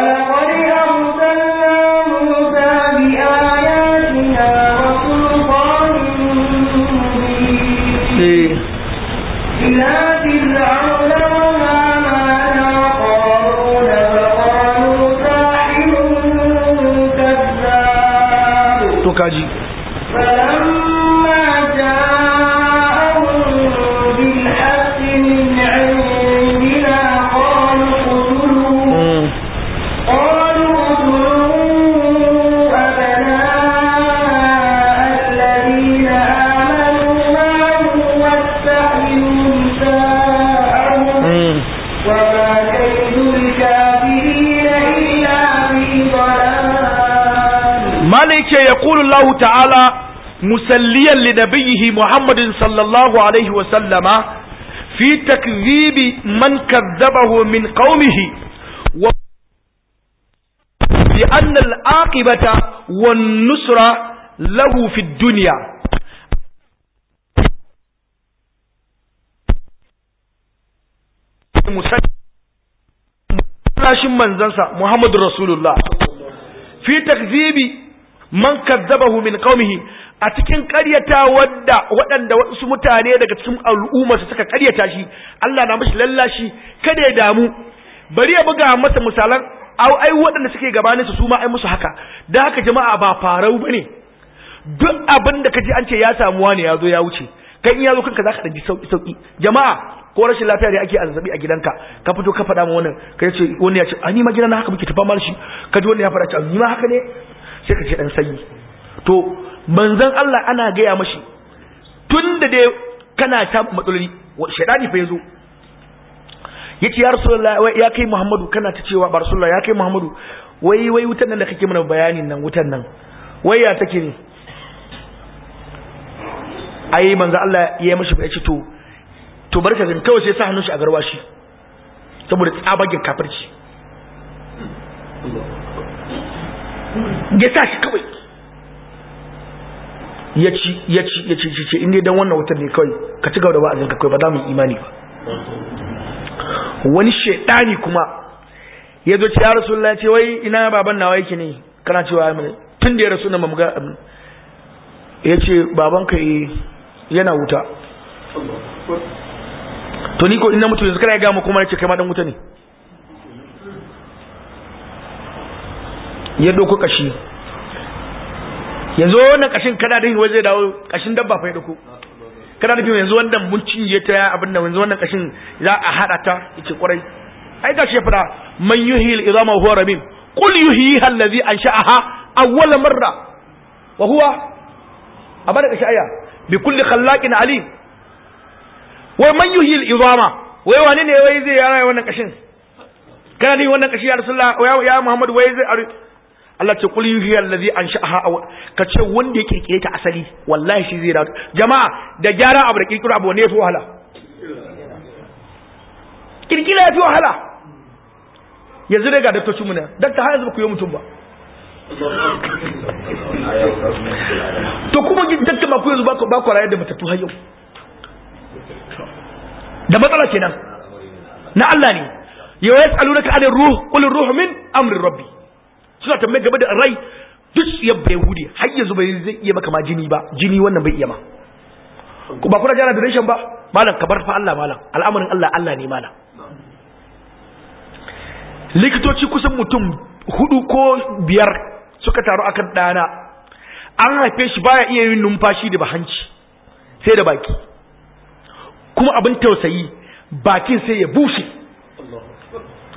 kaji yace yaqulu Allah ta'ala musalliyan li nabiyhi Muhammadin sallallahu alaihi wa fi takzibi man kadzabahu min qaumihi wa bi anna al-aqibata wan nusra lahu fi dunya musallin manzansa Muhammadu Rasulullah fi takzibi man kazzabahu min qaumihi a cikin ƙaryata wadda waɗanda wasu mutane daga cikin al'ummarsa suka ƙaryata shi Allah na mishi lallashi kada ya damu bari ya buga masa misalan ai waɗanda suke gabanin su su ma ai musu haka da haka jama'a ba farau bane duk abin da kaji an ce ya samuwa ne ya zo ya wuce kai in ya zo kanka zaka dan sauki sauki jama'a ko rashin lafiya ne ake azabi a gidanka ka fito ka faɗa ma wannan kai ce wani ya ce ani ma gidan haka muke tafa mal shi kaji wani ya faɗa ce ni ma haka ne sai ka ce dan sanyi to manzon Allah ana gaya mashi tun da dai kana ta matsaloli shaidani fa yazo yace ya rasulullahi ya kai muhammadu kana ta cewa ba rasulullahi ya kai muhammadu wai wai wutan nan da kake mana bayanin nan wutan nan wai ya take ne ai manzo Allah ya mashi ba ya ce to to barka gani kawai sai sa hannun shi a garwashi saboda tsabagen kafirci ya sa shi kawai ya ci ya ci ya ci ce inda dan wannan watan ne kawai ka ci gaba da wa'azin ka kawai ba za mu imani ba wani shedani kuma ya zo ce ya rasulullah ya ce wai ina baban nawa yake ne kana cewa tun da ya rasu na mamuga ya ce baban ka eh, yana wuta to ni ko ina mutu yanzu kana ya gama kuma ya ce kai ma dan wuta ne ya doko kashi yanzu wannan kashin kana da waje dawo kashin dabba fa ya doko kana da yanzu wannan mun cinye ta abin nan yanzu wannan kashin za a hada ta yace kurai ai gashi ya fada man yuhil idama huwa rabim qul yuhiha allazi ansha'aha awwal marra wa huwa abada kashi aya bi kulli khallaqin alim wai man yuhil idama wai wane ne wai zai yara wannan kashin kana da wannan kashi ya rasulullah ya muhammad wai zai Allah ce kul yuhiya allazi ansha'aha ka ce wanda ya kirkire ta asali wallahi shi zai dawo jama'a da gyara abu da kirkiro abu ne ya fi wahala kirkira ya fi wahala yanzu daga daktocin mu ne dakta har yanzu ba ku yi mutum ba to kuma dakta ba ku yanzu ba ku rayar da matattu har yau da matsala kenan na Allah ne yau ya tsalunaka adin ruhu kulin ruhu min amri rabbi suna tambaye game da rai duk ya hudi har yanzu bai zai iya maka ma jini ba jini wannan bai iya ma ku ba kuna jana da rashin ba malam ka bar fa Allah malam al'amarin Allah Allah ne malam likitoci kusan mutum hudu ko biyar suka taru akan dana an haife shi baya iya yin numfashi da bahanci sai da baki kuma abin tausayi bakin sai ya bushe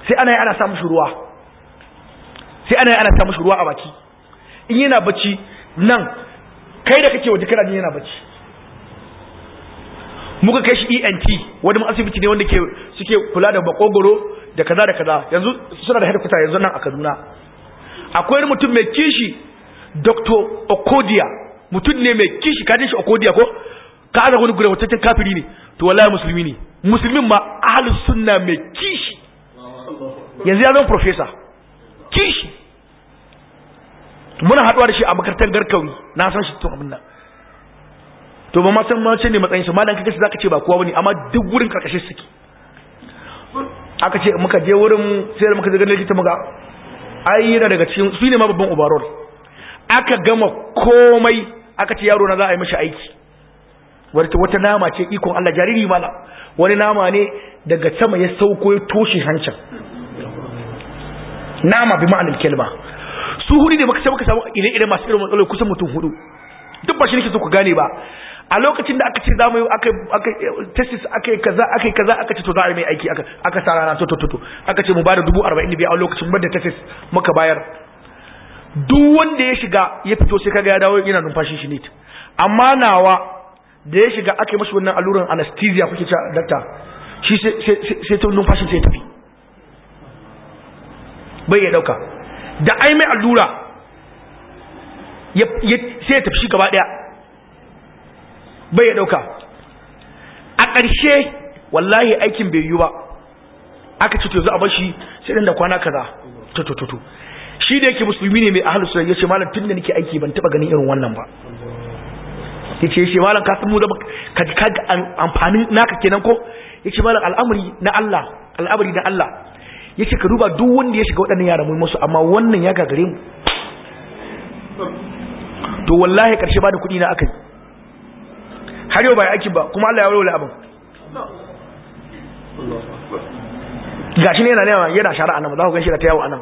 sai ana yi ana samun ruwa sai ana ana sa mashi ruwa a baki in yana bacci nan kai da kake waje kana ne yana bacci muka kai shi ENT wani asibiti ne wanda ke suke kula da bakogoro da kaza da kaza yanzu suna da kuta yanzu nan a Kaduna akwai mutum mai kishi Dr. Okodia mutum ne mai kishi ka shi Okodia ko ka aza wani gure wataccen kafiri ne to wallahi musulmi ne musulmin ma ahlus sunna mai kishi yanzu ya zama professor kishi muna haɗuwa da shi a makarantar garkauni na san shi tun abin to ba ma san ma ne matsayin su malam kaga zaka ce ba kowa bane amma duk wurin karkashin suke aka ce muka je wurin sai muka je ganin likita muka ai yana daga cikin su ne ma babban overall aka gama komai aka ce yaro na za a yi mashi aiki wata wata nama ce ikon Allah jariri mala wani nama ne daga sama ya sauko ya toshe hancin nama bi ma'anar kelma su hudu ne maka muka samu ire ire masu irin matsalolin kusan mutum hudu duk ba shi nake so ku gane ba a lokacin da aka ce za mu yi aka aka eh, tesis aka kaza aka kaza aka ce to za a yi mai aiki aka aka sa rana to to to aka ce mu da biyu a lokacin da tesis muka bayar duk wanda ya shiga ya fito sai kaga ya dawo yana numfashin shi ne amma nawa da ya shiga aka yi mashi wannan alluran anesthesia kuke ce dakta shi sai ta numfashin sai tafi bai ya dauka da ai mai allura sai ya tafi gaba daya bai ya dauka a ƙarshe wallahi aikin bai yi ba aka ce to za a bar shi sai dan da kwana kaza to to to shi da yake musulmi ne mai sa sunna yace malam tunda nake aiki ban taba ganin irin wannan ba yace shi malam ka san da ka ka amfanin naka kenan ko yace malam al'amari na Allah al'amari na Allah yace ka duba duk wanda ya shiga waɗannan yara mu musu amma wannan ya gagare mu to wallahi karshe ba da kuɗi na aka yi har yau ba ya aiki ba kuma Allah ya wala abin Ga shi ne yana nema yana shara a nan za ku ganshi da ta yawo anan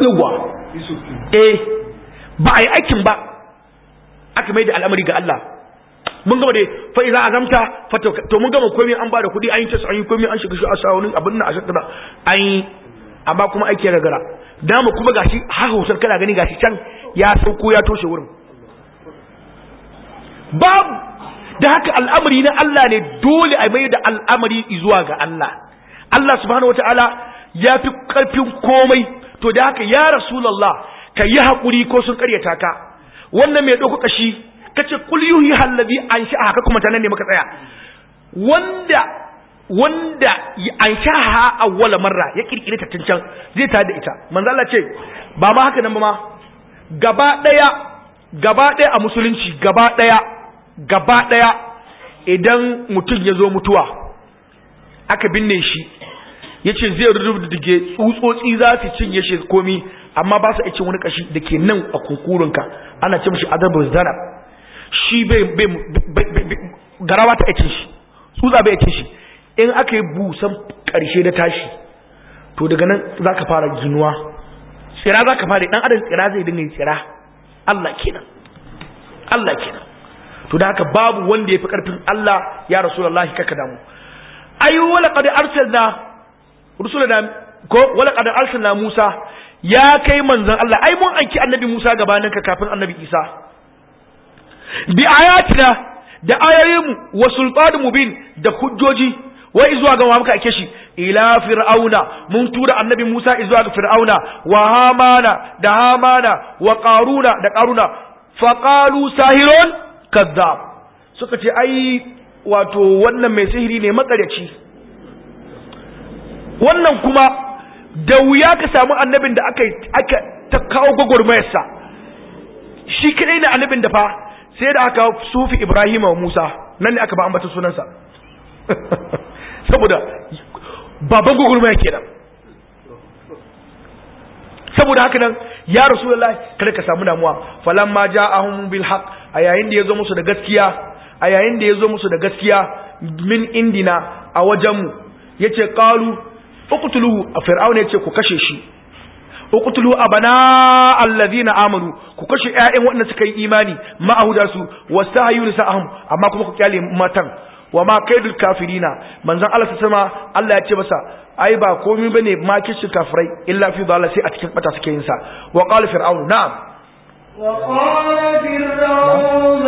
yawa eh ba a yi aikin ba aka mai da al'amari ga Allah mun gama da fa iza azamta fa to mun gama komai an da kuɗi an yi tas an yi komai an shiga shi a sawunin abin nan a shakka an yi amma kuma aiki ya gagara da mu kuma gashi har hausar kana gani gashi can ya sauko ya toshe wurin babu da haka al'amari na Allah ne dole a mai da al'amari zuwa ga Allah Allah subhanahu wataala ya fi karfin komai to da haka ya rasulullah ka yi haƙuri ko sun karyata ka wannan mai ɗauka ƙashi kace kul yuhi allazi ansha'a ka kuma tanan ne muka tsaya wanda wanda anshaha awwala marra ya kirkire ta tun can zai ta da ita manzo Allah ce ba ma haka nan ba ma gaba daya gaba daya a musulunci gaba daya gaba daya idan mutum ya zo mutuwa aka binne shi yace zai dige tsutsotsi za su cinye shi komi amma ba su aikin wani kashi da ke nan a kunkurinka. ana ce mashi adabu zanab shi bai garawa ta ake shi tsutsa bai ake shi in aka yi busan karshe da tashi to daga nan za ka fara ginuwa tsira za ka fara ɗan adam tsira zai dinga tsira Allah kenan Allah kenan to da haka babu wanda ya fi ƙarfin Allah ya rasulullahi kaka damu ayu wala qad arsalna rusulana ko wala qad arsalna Musa ya kai manzon Allah ai mun anki annabi Musa gabanin ka kafin annabi Isa bi ayatina da ayoyinmu wa sultan mubin da hujjoji wai zuwa ga muka ake shi ila fir'auna mun tura annabi Musa zuwa ga fir'auna wa hamana da hamana wa qaruna da qaruna fa qalu sahirun kadhab suka ce ai wato wannan mai sihiri ne makaryaci wannan kuma da wuya ka samu annabin da aka aka ta kawo gwagwarmayarsa shi kadai ne annabin da fa sai da aka sufi ibrahim wa musa nan ne aka ba ambata sunansa saboda baban gugulma ke nan saboda haka nan ya lai kada ka samu damuwa Falan ja'ahum bil haq a yayin da zo musu da gaskiya a yayin da ya zo musu da gaskiya min indina a wajenmu Ya ce yace a a fir'auna ce ku kashe shi uqtulu abana allazina amanu ku kashe ƴaƴan waɗanda suka yi imani ma'ahuda su wasahayu nisa'ahum amma kuma ku kyale matan wa ma kaidul kafirina manzon Allah sama Allah ya ce masa ai ba komai bane ma kishi kafirai illa fi dalla sai a cikin bata suke yin sa wa qala fir'aun na'am wa qala fir'aun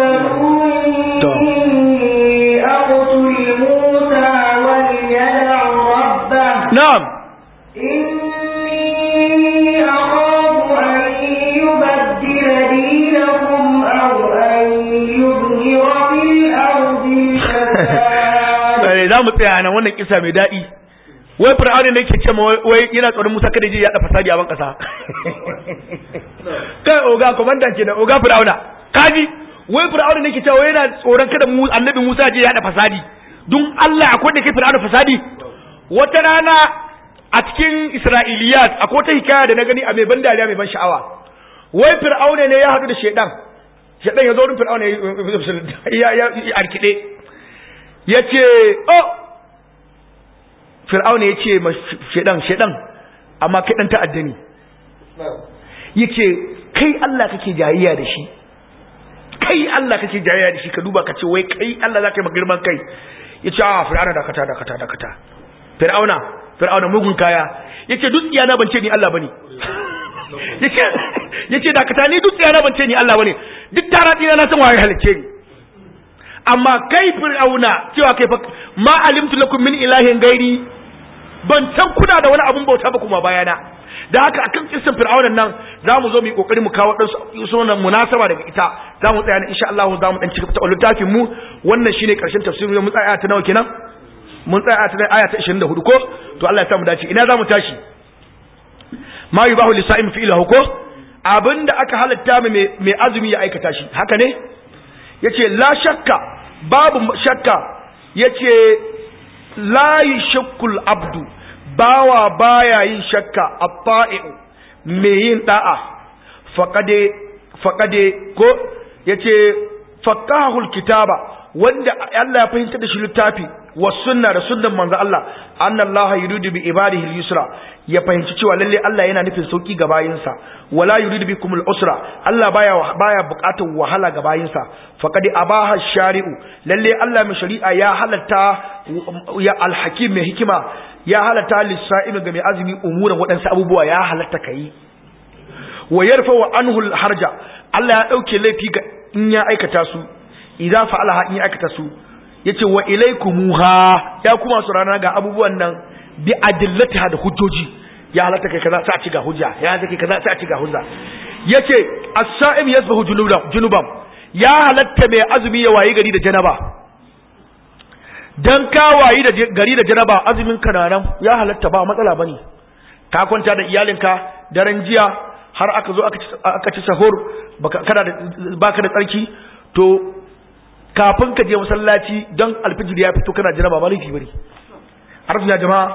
na'am za mu tsaya nan wannan kisa mai daɗi wai fir'auna ne yake ce wai yana tsoron Musa kada je ya da fasadi a ban kai oga komanda nan oga fir'auna kaji wai fir'auna ne yake cewa wai yana tsoron kada annabi Musa je ya da fasadi dun Allah akwai da ke fir'auna fasadi wata rana a cikin Isra'iliyat akwai wata hikaya da na gani a mai ban dariya mai ban sha'awa wai fir'auna ne ya haɗu da shedan shedan ya zo wurin fir'auna ya ya arkide ya ce oh fir'auna ya ce ma shaidan shaidan amma kai dan ta'adda ne ya ce kai Allah kake jayayya da shi kai Allah kake jayayya da shi ka duba ka ce wai kai Allah za ka yi girman kai ya ce a ah, fir'auna dakata dakata dakata fir'auna fir'auna mugun kaya ya ce duk na ban ce ni Allah ba ne ya ce dakata ni dutsiya na ban ce ni Allah ba ne duk tara na san waye halicce ni amma kai fir'auna cewa kai fa ma alimtu lakum min ilahin gairi ban san kuna da wani abun bauta ba kuma bayana da haka akan kissan fir'auna nan zamu zo mu yi kokari mu kawo dan sunan munasaba daga ita zamu tsaya ne insha Allah zamu dan cika ta littafin mu wannan shine karshen tafsirin mu tsaya ta nawa kenan mun tsaya ta aya ta 24 ko to Allah ya sa mu dace ina zamu tashi ma yubahu lisa'im fi ilahu ko abinda aka halatta mai azumi ya aikata shi haka ne yace la shakka babu shakka yace layi yashkul abdu bawa baya yin shakka atta'i'u me yin ɗa'a faƙade ko ya yace faqahul kitaba wanda Allah ya fahimta da shi littafi wa suna da sunan manzo Allah anna yi yuridu bi ibadihi al-yusra ya fahimci cewa lalle Allah yana nufin sauki ga bayinsa wala yuridu bikumul usra Allah baya baya bukatar wahala ga bayinsa faqad abaha shari'u lalle Allah mai shari'a ya halatta ya alhakim mai hikima ya halatta lisa'imi ga mai azumi umuran wadansu abubuwa ya halatta kai wa yarfa wa anhu harja Allah ya dauke laifi ga in ya aikata su idza fa'alaha in ya aikata su yace wa ilaykumuha ya kuma su rana ga abubuwan nan bi adillatiha da hujjoji ya halatta kai kaza sai a ci ga hujja ya halatta kai kaza sai a ci ga hujja yace as-sa'im yasbahu junuban ya halatta mai azumi ya wayi gari da janaba dan ka wayi da gari da janaba azumin ka nan ya halatta ba matsala bane ka kwanta da iyalinka daren jiya har aka zo aka ci sahur baka da baka da tsarki to kafin ka je masallaci don alfijir ya fito kana janaba ba laifi bane arzu ya jama'a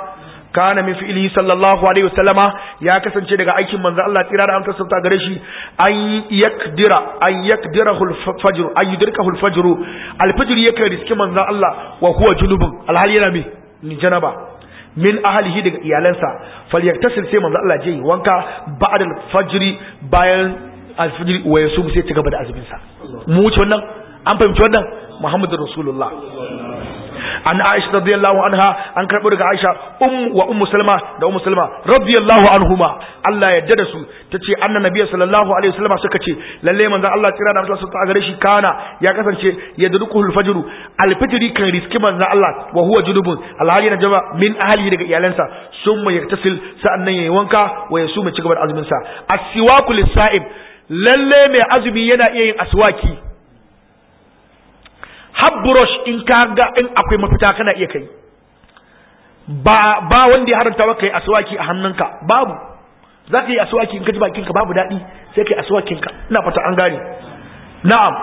kana min fi'lihi sallallahu alaihi wasallama ya kasance daga aikin manzo Allah tsira da amsa sauta gare shi an yakdira an yakdirahu al-fajr an yudirkahu al-fajr al-fajr yake riski manzo Allah wa huwa junubun alhal yana me ni janaba min ahlihi daga iyalansa falyaktasil sai manzo Allah je wanka ba'da al-fajr bayan al-fajr wa sai ta gaba da sa mu wuce wannan an fahimci wannan muhammadur rasulullah an aisha radiyallahu anha an karbo daga aisha um wa ummu salma da ummu salma radiyallahu anhuma Allah ya da su tace anna nabiyyu sallallahu alaihi wasallam suka ce lalle manzon Allah tsira da mutunta a gare shi kana ya kasance yadrukuhu al-fajr al-fajr kan riski manzon Allah wa huwa junubun alhali na jaba min ahlihi daga iyalansa summa yaktasil sa'annan yayi wanka wa yasuma ci gaba da azumin sa as-siwaku lis-sa'im lalle mai azumi yana iya yin aswaki har brush in ka ga in akwai mafita kana iya kai ba ba wanda ya haranta maka yi aswaki a hannunka babu za ka yi aswaki in ka ji bakinka babu daɗi sai ka yi aswakinka ina fata an gane na'am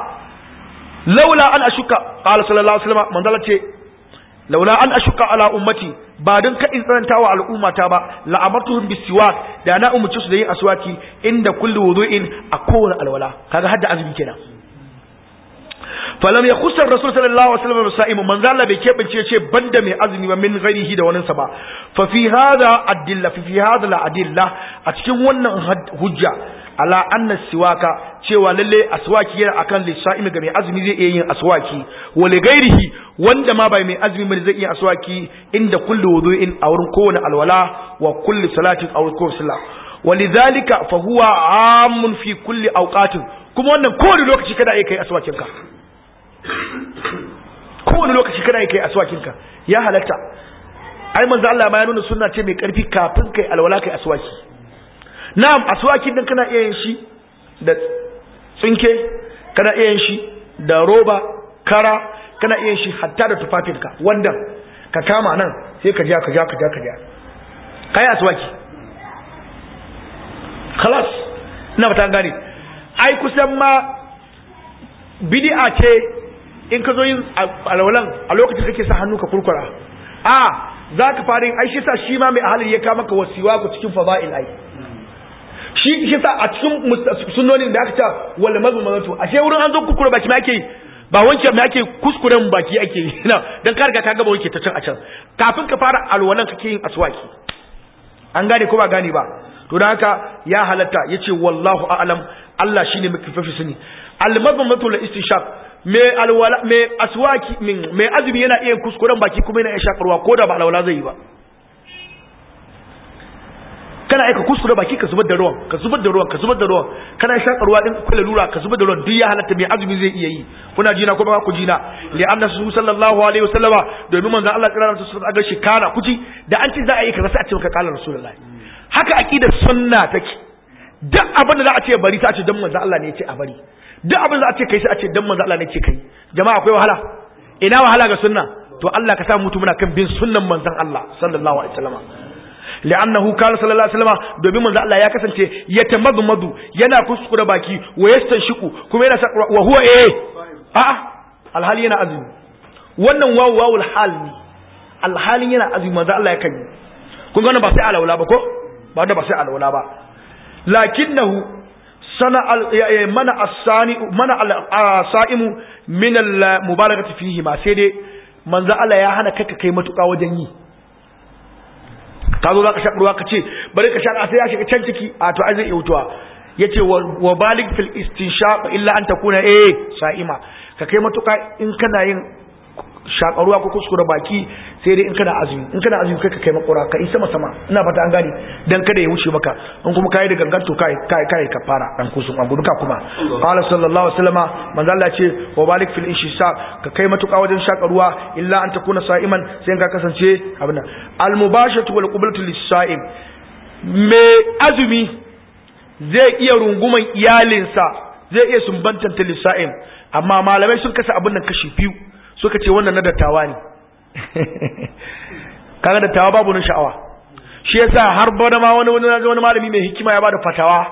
laula an ashuka qala sallallahu alaihi wasallam manzala ce laula an ashuka ala ummati ba don ka in tsaranta wa al'ummata ba la'amatuhum bisiwak da na umurce su da yin aswaki inda kullu wudu'in a alwala kaga hadda azumi kenan falam ya kusan rasul sallallahu alaihi wasallam sa'imu manzo Allah bai kebance ce banda mai azumi ba min ghairihi da wani sa ba fa fi hadha adilla fi hadha la adilla a cikin wannan hujja ala anna siwaka cewa lalle aswaki yana akan lisa'imi ga mai azumi zai iya yin aswaki wa li ghairihi wanda ma bai mai azumi bane zai iya aswaki inda kullu wudu'in a wurin kowane alwala wa kulli salatin a wurin kowace sallah ولذلك فهو عام في كل اوقات kuma wannan kowane lokaci kada ai kai aswakin kowane lokaci kana yi kai suwakinka ya halatta ai manzo Allah ma ya nuna sunna ce mai karfi kafin kai alwala kai aswaki na'am aswakin din kana iya yin shi da tsinke kana iya yin shi da roba kara kana iya yin shi hatta da tufafinka wanda ka kama nan sai ka ja ka ja ka ja ka ja kai aswaki khalas ina fata gane ai kusan ma bid'a ce in ka zo yin alwalan a lokacin kake sa hannu ka kurkura a za ka fara yin. aishi sa shi ma mai ahalin ya kama ka wasiwa ku cikin fada'il ai shi shi sa a cikin sunnonin da aka ta wal A ashe wurin an zo kurkura baki ma ake ba wancan ma ke kuskuren baki ake yi na dan ka riga ka gaba wanke ta can a can kafin ka fara alwalan kake yin aswaki an gane ko ba gane ba to dan haka ya halatta yace wallahu a'lam Allah shine mafi sani al mazmumatu lil istishaq mai alwala mai aswaki min mai azumi yana iya kuskuren baki kuma yana iya shakarwa ko da ba alwala zai yi ba kana aika kuskure baki ka zubar da ruwan ka zubar da ruwan ka zubar da ruwan kana shakarwa din kula lura ka zubar da ruwan duk ya halatta mai azumi zai iya yi kuna jina ko ba ku jina li anna sallallahu alaihi wasallama domin manzon Allah tsara su ga shi kana kuci da an ce za a yi kaza sai a ce maka qala rasulullahi haka aqidar sunna take duk abin da za a ce bari ta ce dan manzon Allah ne ya ce a bari duk abin za a ce kai sai a ce dan manzo Allah ne ce kai jama'a akwai wahala ina wahala ga sunna to Allah ka sa mutu muna kan bin sunnan manzon Allah sallallahu alaihi wasallam li'annahu kana sallallahu alaihi wasallam domin manzo Allah ya kasance ya madu. yana kuskure baki wa yastanshiku kuma yana sa wa huwa eh a alhali yana azumi wannan wawu wawul hal ne alhalin yana azumi manzo Allah ya kanyi kun ga ba sai alawla ba ko ba da ba sai alawla ba lakinnahu sana mana asani mana al-sa'imu min al-mubalagati fihi ma sai dai manzo Allah ya hana kai ka kai matuƙa wajen yi ka zo zaka sha ruwa ka ce bari ka shaƙa sai ya shiga can ciki a to azai yautuwa yace wa balig fil istinshaq illa an takuna eh sa'ima ka kai matuƙa in kana yin shakaruwa ko kuskure baki sai dai in kana azumi in kana azumi kai ka kai makura ka yi sama sama ina fata an gane dan kada ya wuce maka in kuma kai da gangan to kai kai kai ka fara dan kusun an guduka kuma qala sallallahu alaihi wasallama manzo Allah ce wa balik fil ishsa ka kai matuka wajen shakaruwa illa an takuna sa'iman sai ka kasance abin al mubashatu wal qublatu lis sa'im me azumi zai iya runguman iyalinsa zai iya sumbantanta lissa'in amma malamai sun kasa abin nan kashi biyu suka ce wannan na dattawa ne kaga dattawa babu nan sha'awa shi yasa har bana ma wani wani wani malami mai hikima ya bada fatawa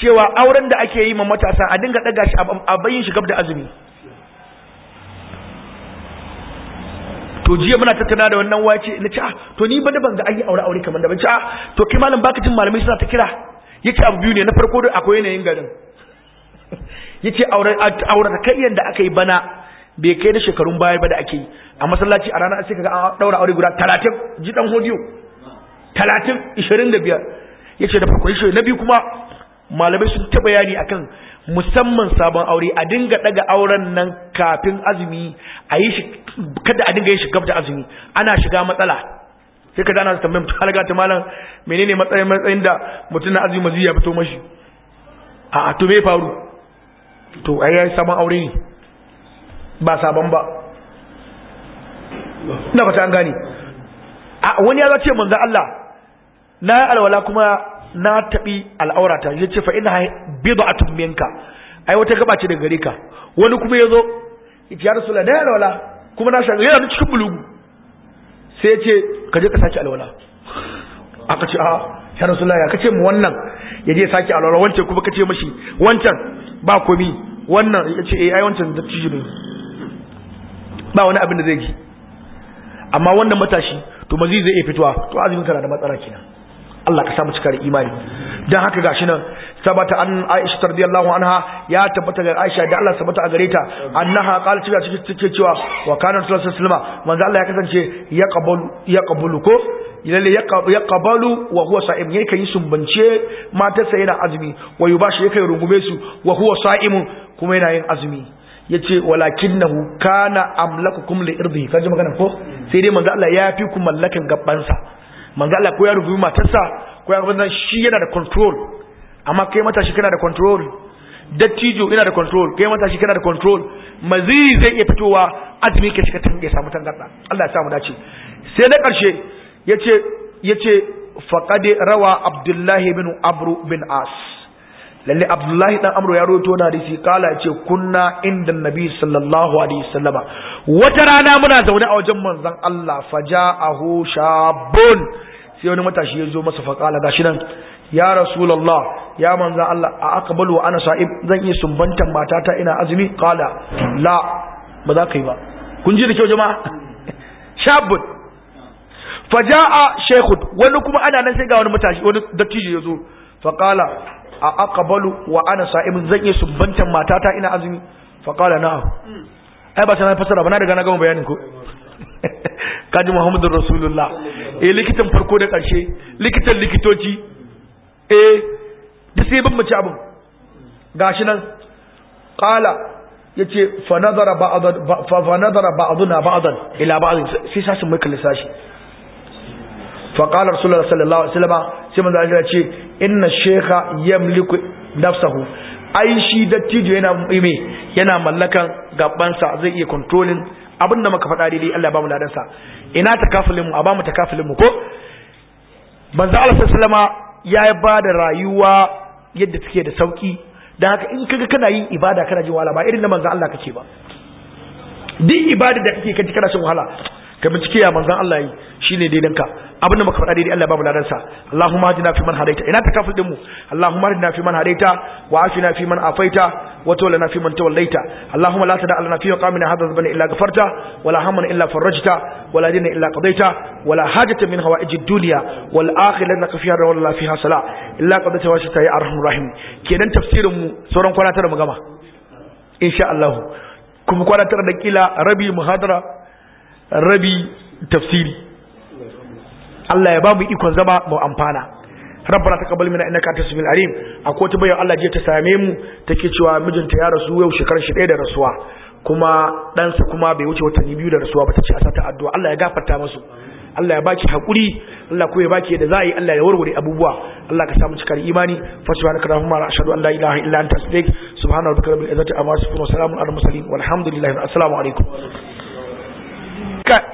cewa auren da ake yi ma matasa a dinga daga shi a bayin shi gab da azumi to jiya muna tattauna da wannan wace na ce ah, to ni bada ban ga ayi aure aure kaman da ban ce ah, to kai malam baka jin malamai suna ta kira yace abu biyu ne na farko da akwai yanayin garin yace aure aure ta kai yanda aka yi bana bai kai da shekarun baya ba da ake yi a masallaci a ranar sai kaga an daura aure guda 30 ji dan hodiyo 30 25 yace da farko shi na biyu kuma malamai sun ta bayani akan musamman sabon aure a dinga daga auren nan kafin azumi a yi shi kada a dinga yin shi gab da azumi ana shiga matsala sai ka ana tambayar mutum halaga ta malam menene matsayin matsayin da mutum na azumi mazi ya fito mashi a to me faru to ai sabon aure ne ba sabon ba na fata an A wani ya zace manzo Allah na alwala kuma na tabi al'aurata yace fa ina bid'atun minka ai wata gaba ce daga gare ka wani kuma yazo ya rasulullah na alwala kuma na shaga yana cikin bulugu sai yace ka je ka saki alwala aka ce a ya rasulullah ya kace mu wannan ya je saki alwala wancan kuma kace mashi wancan ba komi wannan yace eh ai wancan da ciji ba wani abin da zai ji amma wannan matashi to mazi zai iya fitowa to azumin kana da matsala kina Allah ka samu cikar imani dan haka gashi nan sabata an Aisha radiyallahu anha ya tabbata ga Aisha da Allah sabata a gare ta annaha qala cewa cikin cewa wa kana sallallahu alaihi wasallam Allah ya kasance ya qabalu ya qabulu ko ilalle ya qabalu wa huwa sa'im yake yi sumbance matarsa yana azumi wa yubashi yake rungume su wa huwa sa'im kuma yana yin azumi yace walakinahu kana amlakukum li kan ji magana ko sai dai manzo Allah ya fi ku mallakin gaban sa manzo Allah ko ya rubu matarsa ko ya rubu shi yana da control amma kai mata shi kana da control dattijo yana da control kai mata shi kana da control mazi zai iya fitowa azumi ke shiga ya samu tangarda Allah ya samu dace sai na karshe yace yace faqad rawa abdullahi bin abru bin as lalle abdullahi dan amru ya roto na hadisi kala ya ce kunna inda nabi sallallahu alaihi wasallama wata rana muna zaune a wajen manzon Allah faja'ahu shabun sai wani matashi ya zo masa fa kala gashi nan ya rasulullah ya manzon Allah a aqbalu ana sa'ib zan iya sumbantan matata ina azumi kala la ba za ka yi ba kun ji da kyau jama'a shabun faja'a shaykhud wani kuma ana nan sai ga wani matashi wani dattijo ya zo fa kala a aqbalu wa ana sa'im zan iya subbantan matata ina azumi fa qala na'am ai ba sai fasara ba na riga na gama bayanin ko kaji Muhammadu rasulullah eh likitan farko da karshe likitan likitoci eh da sai ban mace abin gashi nan qala yace fa nazara ba'd fa nazara ba'duna ba'dan ila ba'd sai sashin mai kallon sashi fa qala rasulullahi sallallahu alaihi wasallam sai manzo Allah ce inna shaykha yamliku nafsahu ai shi dattijo yana me yana mallakan gabansa zai iya controlling da muka faɗa dai Allah ya bamu ladan sa ina takafulin mu a bamu takafulin mu ko manzo Allah sallallahu alaihi ya ba da rayuwa yadda take da sauki dan haka in kaga kana yin ibada kana jin wahala ba irin da manzo Allah kake ba duk ibada da kake kaji kana shan wahala ka bincike ya manzan Allah yi shi ne daidanka abin da muka faɗa daidai Allah babu ladan Allahumma hadina fi man hadaita ina takafin din Allahumma hadina fi man hadaita wa afina fi man afaita wa tawallana fi man tawallaita Allahumma la tada alana fi qamina hadha dhanba illa ghafarta wala hamman illa farajta wala dina illa qadaita wala hajata min hawaij ad-dunya wal akhirah laka fiha rawa la fiha sala illa qadaita wa shita ya arhamur rahim kenan tafsirin mu sauran kwana tara mu gama insha Allah kuma kwana tara da kila rabi muhadara rabi tafsiri Allah ya ba mu ikon zama mu amfana rabbana taqabbal minna innaka antas samiul alim akwai ta bayan Allah je ta same mu take cewa mijinta ya rasu yau shekarar shi ɗaya da rasuwa kuma ɗansa kuma bai wuce watanni biyu da rasuwa ba ta ce a sata addu'a Allah ya gafarta masu. Allah ya baki hakuri Allah ko ya baki da za'i Allah ya warware abubuwa Allah ka samu cikar imani fa subhanaka wa ashhadu an la ilaha illa anta astaghfiruka subhana rabbil izzati amma yasifun wa salamun alal mursalin walhamdulillahi assalamu alaikum duka